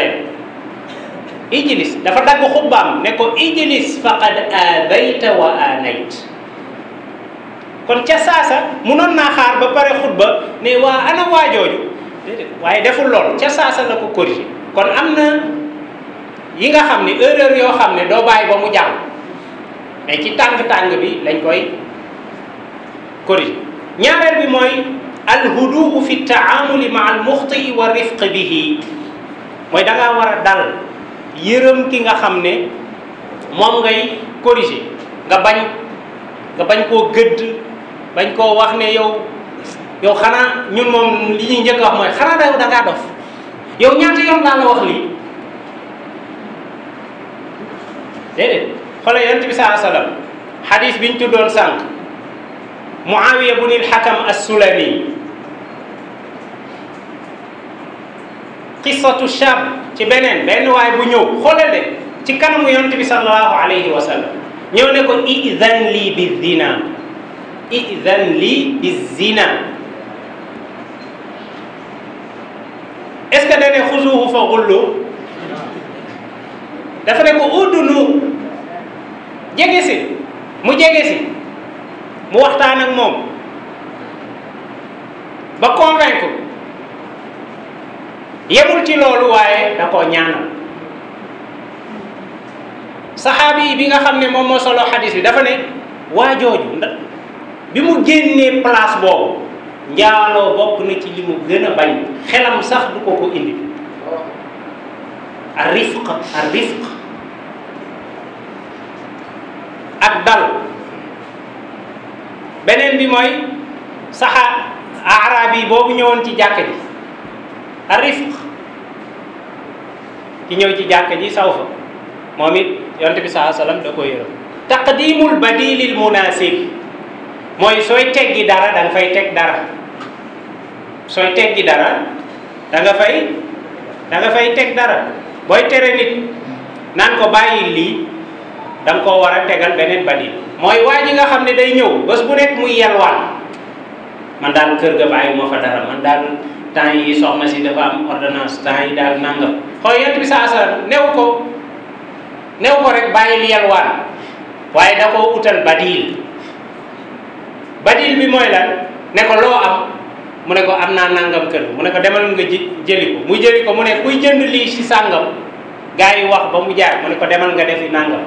dafa dagg xubbaam ne ko ijlis faqad aadayta wa aanayt kon ca saasa munoon naa xaar ba pare xutba ne waa ana waajooju waaye deful lool ca saasa la ko corrigé kon am na yi nga xam ne erreur yoo xam ne doo bàyyi ba mu jàll mais ci tàng-tàng bi lañ koy corrigé ñaareel bi mooy alhuduu fi taamuli ma al muxti wa rifq bihi mooy da ngaa war a dal yërëm ki nga xam ne moom ngay corrigé nga bañ nga bañ koo gëdd bañ koo wax ne yow yow xanaa ñun moom li ñuy njëkk wax mooy xanaa daw da ngaa dof yow ñaata yoon laa la wax lii déedéet xoolal yonent bi saa sallam xadis bi ñu tuddoon sànq Muawiya bu nil xakam as-Sulami qissatu shab ci beneen benn waay bu ñëw xoolal de ci kanamu yonent bi sallallahu alayhi wa sallam ñëw ne ko idan lii bi zina idan lii bi zina est-ce que dane xusuuhu fa xullu dafa ne ko uddunu jege si mu jege si mu waxtaan ak moom ba ko yemul ci loolu waaye da koo ñaanal saxaabi yi bi nga xam ne moom moo solo xadis bi dafa ne waa jooju bi mu génnee place boobu njaaloo bokk na ci li mu gën a bañ xelam sax du ko ko indi a rifq rifq ak dal beneen bi mooy saxa arab yi boobu ñëwoon ci jàkka ji a rifq ki ñëw ci jàkka ji saw fa moom it yonte bi saa sallam da ko yërëm taqdimul badilil munasib mooy sooy teggi dara da fay teg dara sooy teggi dara da nga fay danga fa fay teg dara booy tere nit naan ko bàyyi lii da nga koo war a tegal beneen badin mooy waa ñi nga xam ne day ñëw bés bu nekk muy yelwaan man daal kër ga bàyyi moo fa dara man daal temps yi ma si dafa am ordonnance temps yi daal nangam xool yent bi saa sa new ko new ko rek bàyyil yelwaan waaye da utal badil badil bi mooy lan ne ko loo am mu ne ko am naa nangam kër mu ne ko demal nga ji jëli ko mu jëli ko mu ne kuy jënd lii si sàngam gars yi wax ba mu jaay mu ne ko demal nga defi nangam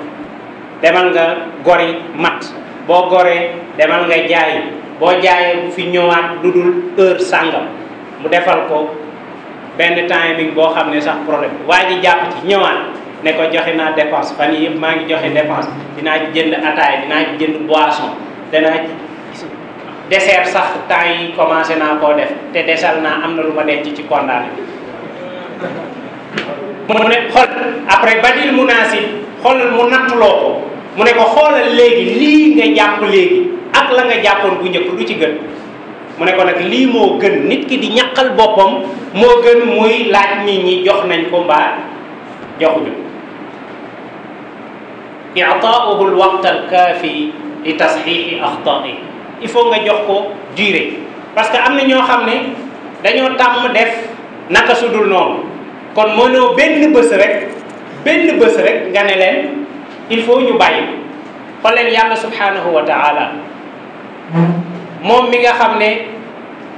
demal nga gori mat boo goree demal nga jaayi boo jaayee bu fi ñëwaat lu dul heure sàngam mu defal ko benn timing boo xam ne sax problème waa ji jàpp ci ñëwaat ne ko joxe naa dépense fan yii maa ngi joxe dépense dinaa ci jënd ataay dinaa ci jënd boisson danaa ci dessert sax temps yi commencé naa koo def te desal naa am na lu ma denc ci kondaane bi mu ne xool après badil munasib xoolal mu nattuloo ko mu ne ko xoolal léegi lii nga jàpp léegi ak la nga jàppoon bu njëkk lu ci gën mu ne ko nag lii moo gën nit ki di ñaqal boppam moo gën muy laaj nit ñi jox nañ ko mbaa joxuñu i'taa'uhu al-waqt al-kaafi li tasxiixi yi il faut nga jox ko durée parce que am na ñoo xam ne dañoo tàmm def naka su dul noonu kon mënoo benn bës rek benn bës rek nga ne leen il faut ñu bàyyi xool leen yàlla subhanahu wa moom mi nga xam ne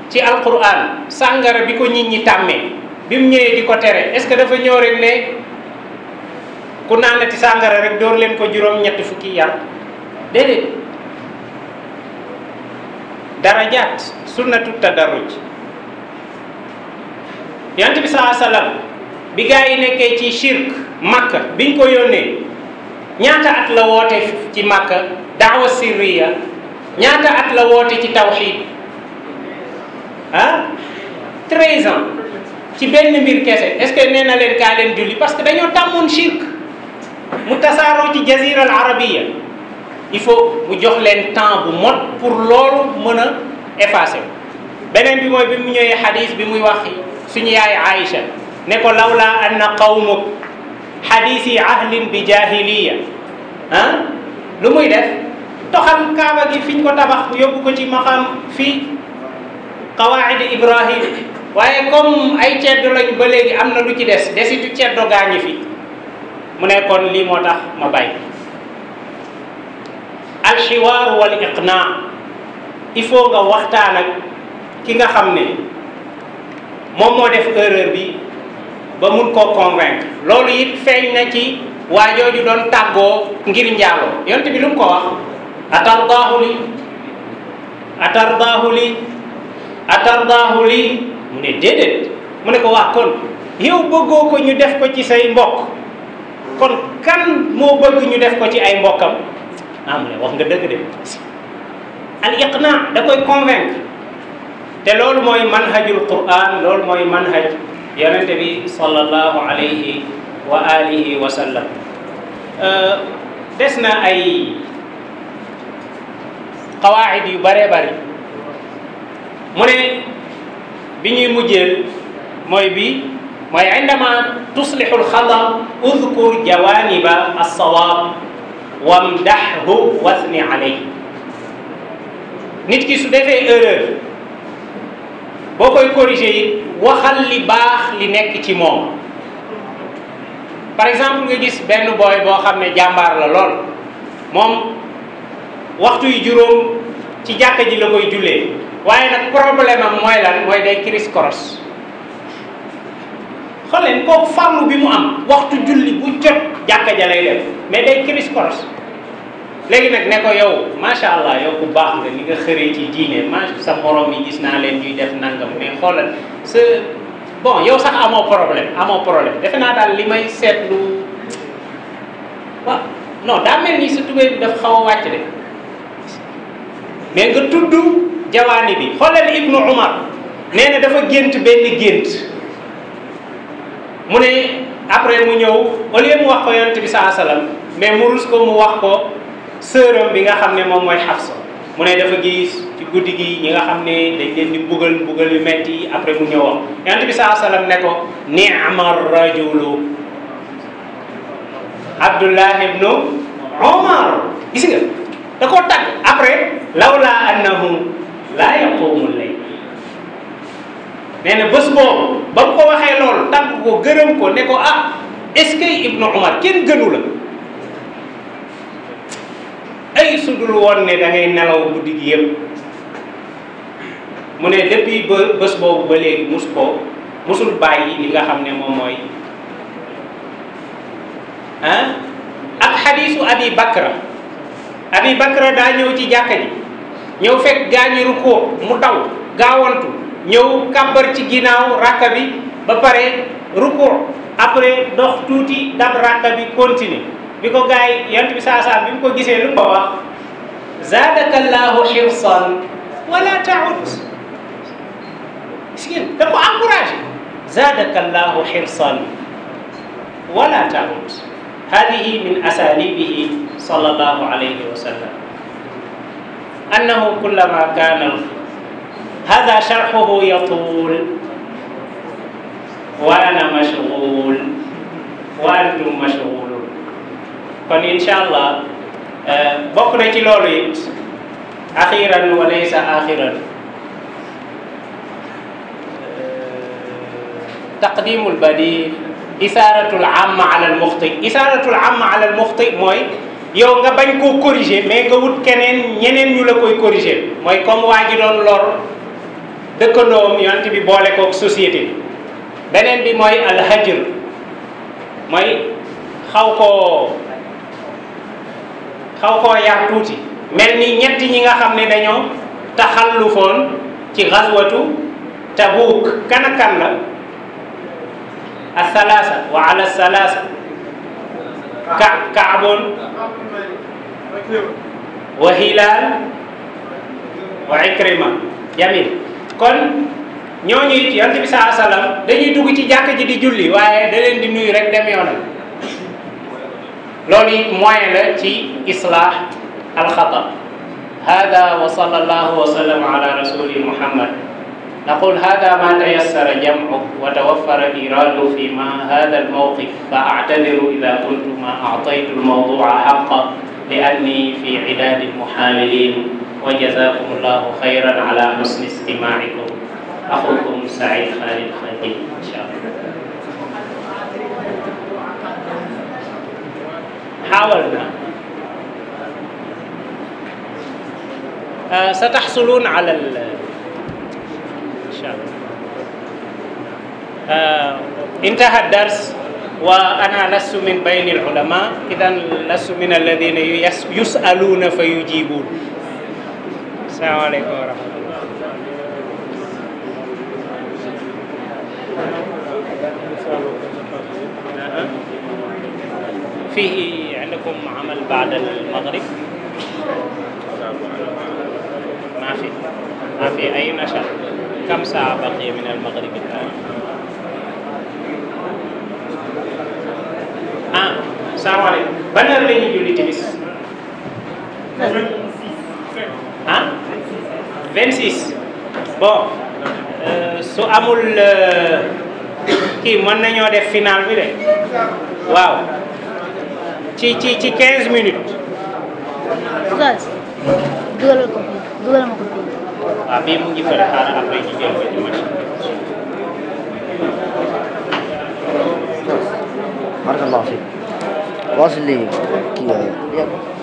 ci alquran sàngara bi ko nit ñi tàmmee bi mu ñëwee di ko tere est-ce que dafa ñëw rek ne ku ti sàngara rek door leen ko juróom ñetti fukki yar déedéet darajat sunnatu tadarruj yonent bi saa bi gaa yi nekkee ci shirk makka biñ ko yónnee ñaata at la woote ci makka daawa sirriya ñaata at la woote ci tawxid ah 13 ans ci benn mbir kese est ce na leen kaa leen julli parce que dañoo tàmmoon shirk mu tasaaroo ci jazira al arabiya il faut mu jox leen temps bu mot pour loolu mën a effacer beneen bi mooy bi mu ñëwee xadis bi muy wax suñu yaay Aïcha ne ko lawla anna qawmuk xadisi ahlin bi jahiliya ah lu muy def toxal kaaba gi fiñ ko tabax yóbbu ko ci maqam fii qawaid ibrahim waaye comme ay ceddo lañ ba léegi am na lu ci des desitu ceddo gaañi fi mu nekkoon kon lii moo tax ma bàyyi alxiwaar wal iqnaa il faut nga waxtaan ak ki nga xam ne moom moo def erreur bi ba mun koo convaincre loolu it feeñ na ci waa jooju doon tàggoo ngir njaaloo yonte bi lu mu ko wax atardaahu li atardaahu mu ne déedéet mu ne ko wax kon yow bëggoo ko ñu def ko ci say mbokk kon kan moo bëgg ñu def ko ci ay mbokkam ah mu ne wax nga dëgg de al iqna da koy convaincre te loolu mooy manhajul quran loolu mooy manhaj yonente bi sallallahu alayhi wa alihi wa sallam euh, des na ay xawaayid yu bëree bëri mu ne bi ñuy mujjeel mooy bi mooy indama tuslixul xata udkur jawaniba alsawaab wamdaxhu wasni alay nit ki su defee erreur boo koy corriger it waxal li baax li nekk ci moom par exemple nga gis benn booy boo xam ne jàmbaar la lool moom waxtu yu juróom ci jàkka ji la koy jullee waaye nag problème am mooy lan mooy day criss cross fa leen kooku farlu bi mu am waxtu julli bu jot jàkka ja lay def mais day criss cross léegi nag ne ko yow macha allah yow bu baax nga li nga xëree ci diine ma sa morom gis naa leen ñuy def nangam mais xoolal sa bon yow sax amoo problème amoo problème defe naa daal li may seetlu waaw non daa mel ni sa tubéy bi daf xaw a wàcc de mais nga tudd jawaani bi xoolal Ibnu Umar nee na dafa gént benn gént mu ne après mu ñëw au mu wax ko yonent bi saa salaam mais mu rus ko mu wax ko sëram bi nga xam ne moom mooy Xafsa mu ne dafa gis ci guddi gi ñi nga xam ne dañ leen di bugal bugal yu metti après mu ñëw wax bi saa salaam ne ko ni'ma rajulu Abdullah ibnu Omar gis nga da koo tagg après lawla annahu la yaqumu layl nee na bés boobu ba mu ko waxee loolu tàgg ko gërëm ko ne ko ah est-ce que Ibnu Umar kenn gënu la ay sudul woon ne da nelaw guddi gi yëpp mu ne depuis ba bés boobu ba léegi mus ko musul bàyyi li nga xam ne moom mooy ah ak xadiisu abi bakra abi bakra daa ñëw ci jàkka ji ñëw fekk gaañi ko mu daw gaawantu ñëw kàbbar ci ginnaaw rakka bi ba pare ruku après dox tuuti dab rakka bi continue bi ko gars yi yant bi saa saa bi mu ko gisee lu mu ko wax zaadaka llaahu xirsan wala taud miskine da ko encouragé zaadaka llaahu xirsan wala taud hadihi min asalibihi sallallahu alayhi wa sallam annahu kullama kaana هذا شرحه يطول وأنا مشغول وأنتم مشغولون kon incha allah eh, bokk na ci loolu it axiran wa laysa axiran taqdimul badi isaaratul amma ala al muxti isaaratul amma ala al muxti mooy yow nga bañ koo corriger mais nga wut keneen ñeneen ñu la koy corriger mooy comme waa ji doon lor dëkkandoom yonent bi boole kook société bi beneen bi mooy alhajr mooy xaw koo xaw koo yar tuuti mel ni ñetti ñi nga xam ne dañoo taxallufoon ci xaswatu tabuuk kan ak kan la asalaasa wa ala salaasa ka kaabon wa hilaal wa ikrima yamin kon ñooñu it yonent bi saa salaam dañuy dugg ci jàkk ji di julli waaye da leen di nuyu rek dem yoonam loolu it moyen la ci islaax alxata hada wa sallallahu wa sallam ala rasuli muhammad naqul hada ma tayassara jam'u wa tawaffara iradu fi ma hada almawqif fa a'tadiru ida kuntu ma a'taytu almawdu'a haqqa li anni fi idadi almuhamilin wa jazakum allahu xayran ala husni istimaaikum axukum Saïd Khalil Khadim incha allah حاولنا ستحصلون على ال إن شاء الله انتهى الدرس وأنا لست من بين العلماء إذا لست من الذين يسألون فيجيبون Assalamualaikum warahmatullahi wabarakatuh. في عندكم عمل بعد المغرب؟ ما في ما في أي نشاط. كم ساعة بقي من المغرب الآن؟ ah salaamaaleykum ban heure la ñuy julli timis ah. 26 bon euh, su amul euh, kii mën nañoo def final bi de waaw ci ci ci 15 minutes. dugal dugal ko waaw ah, bii mu ngi fële xaaral après ñu jël ko ci machine bi. barakallahu fiik. waaw si léegi kii euh, yooyu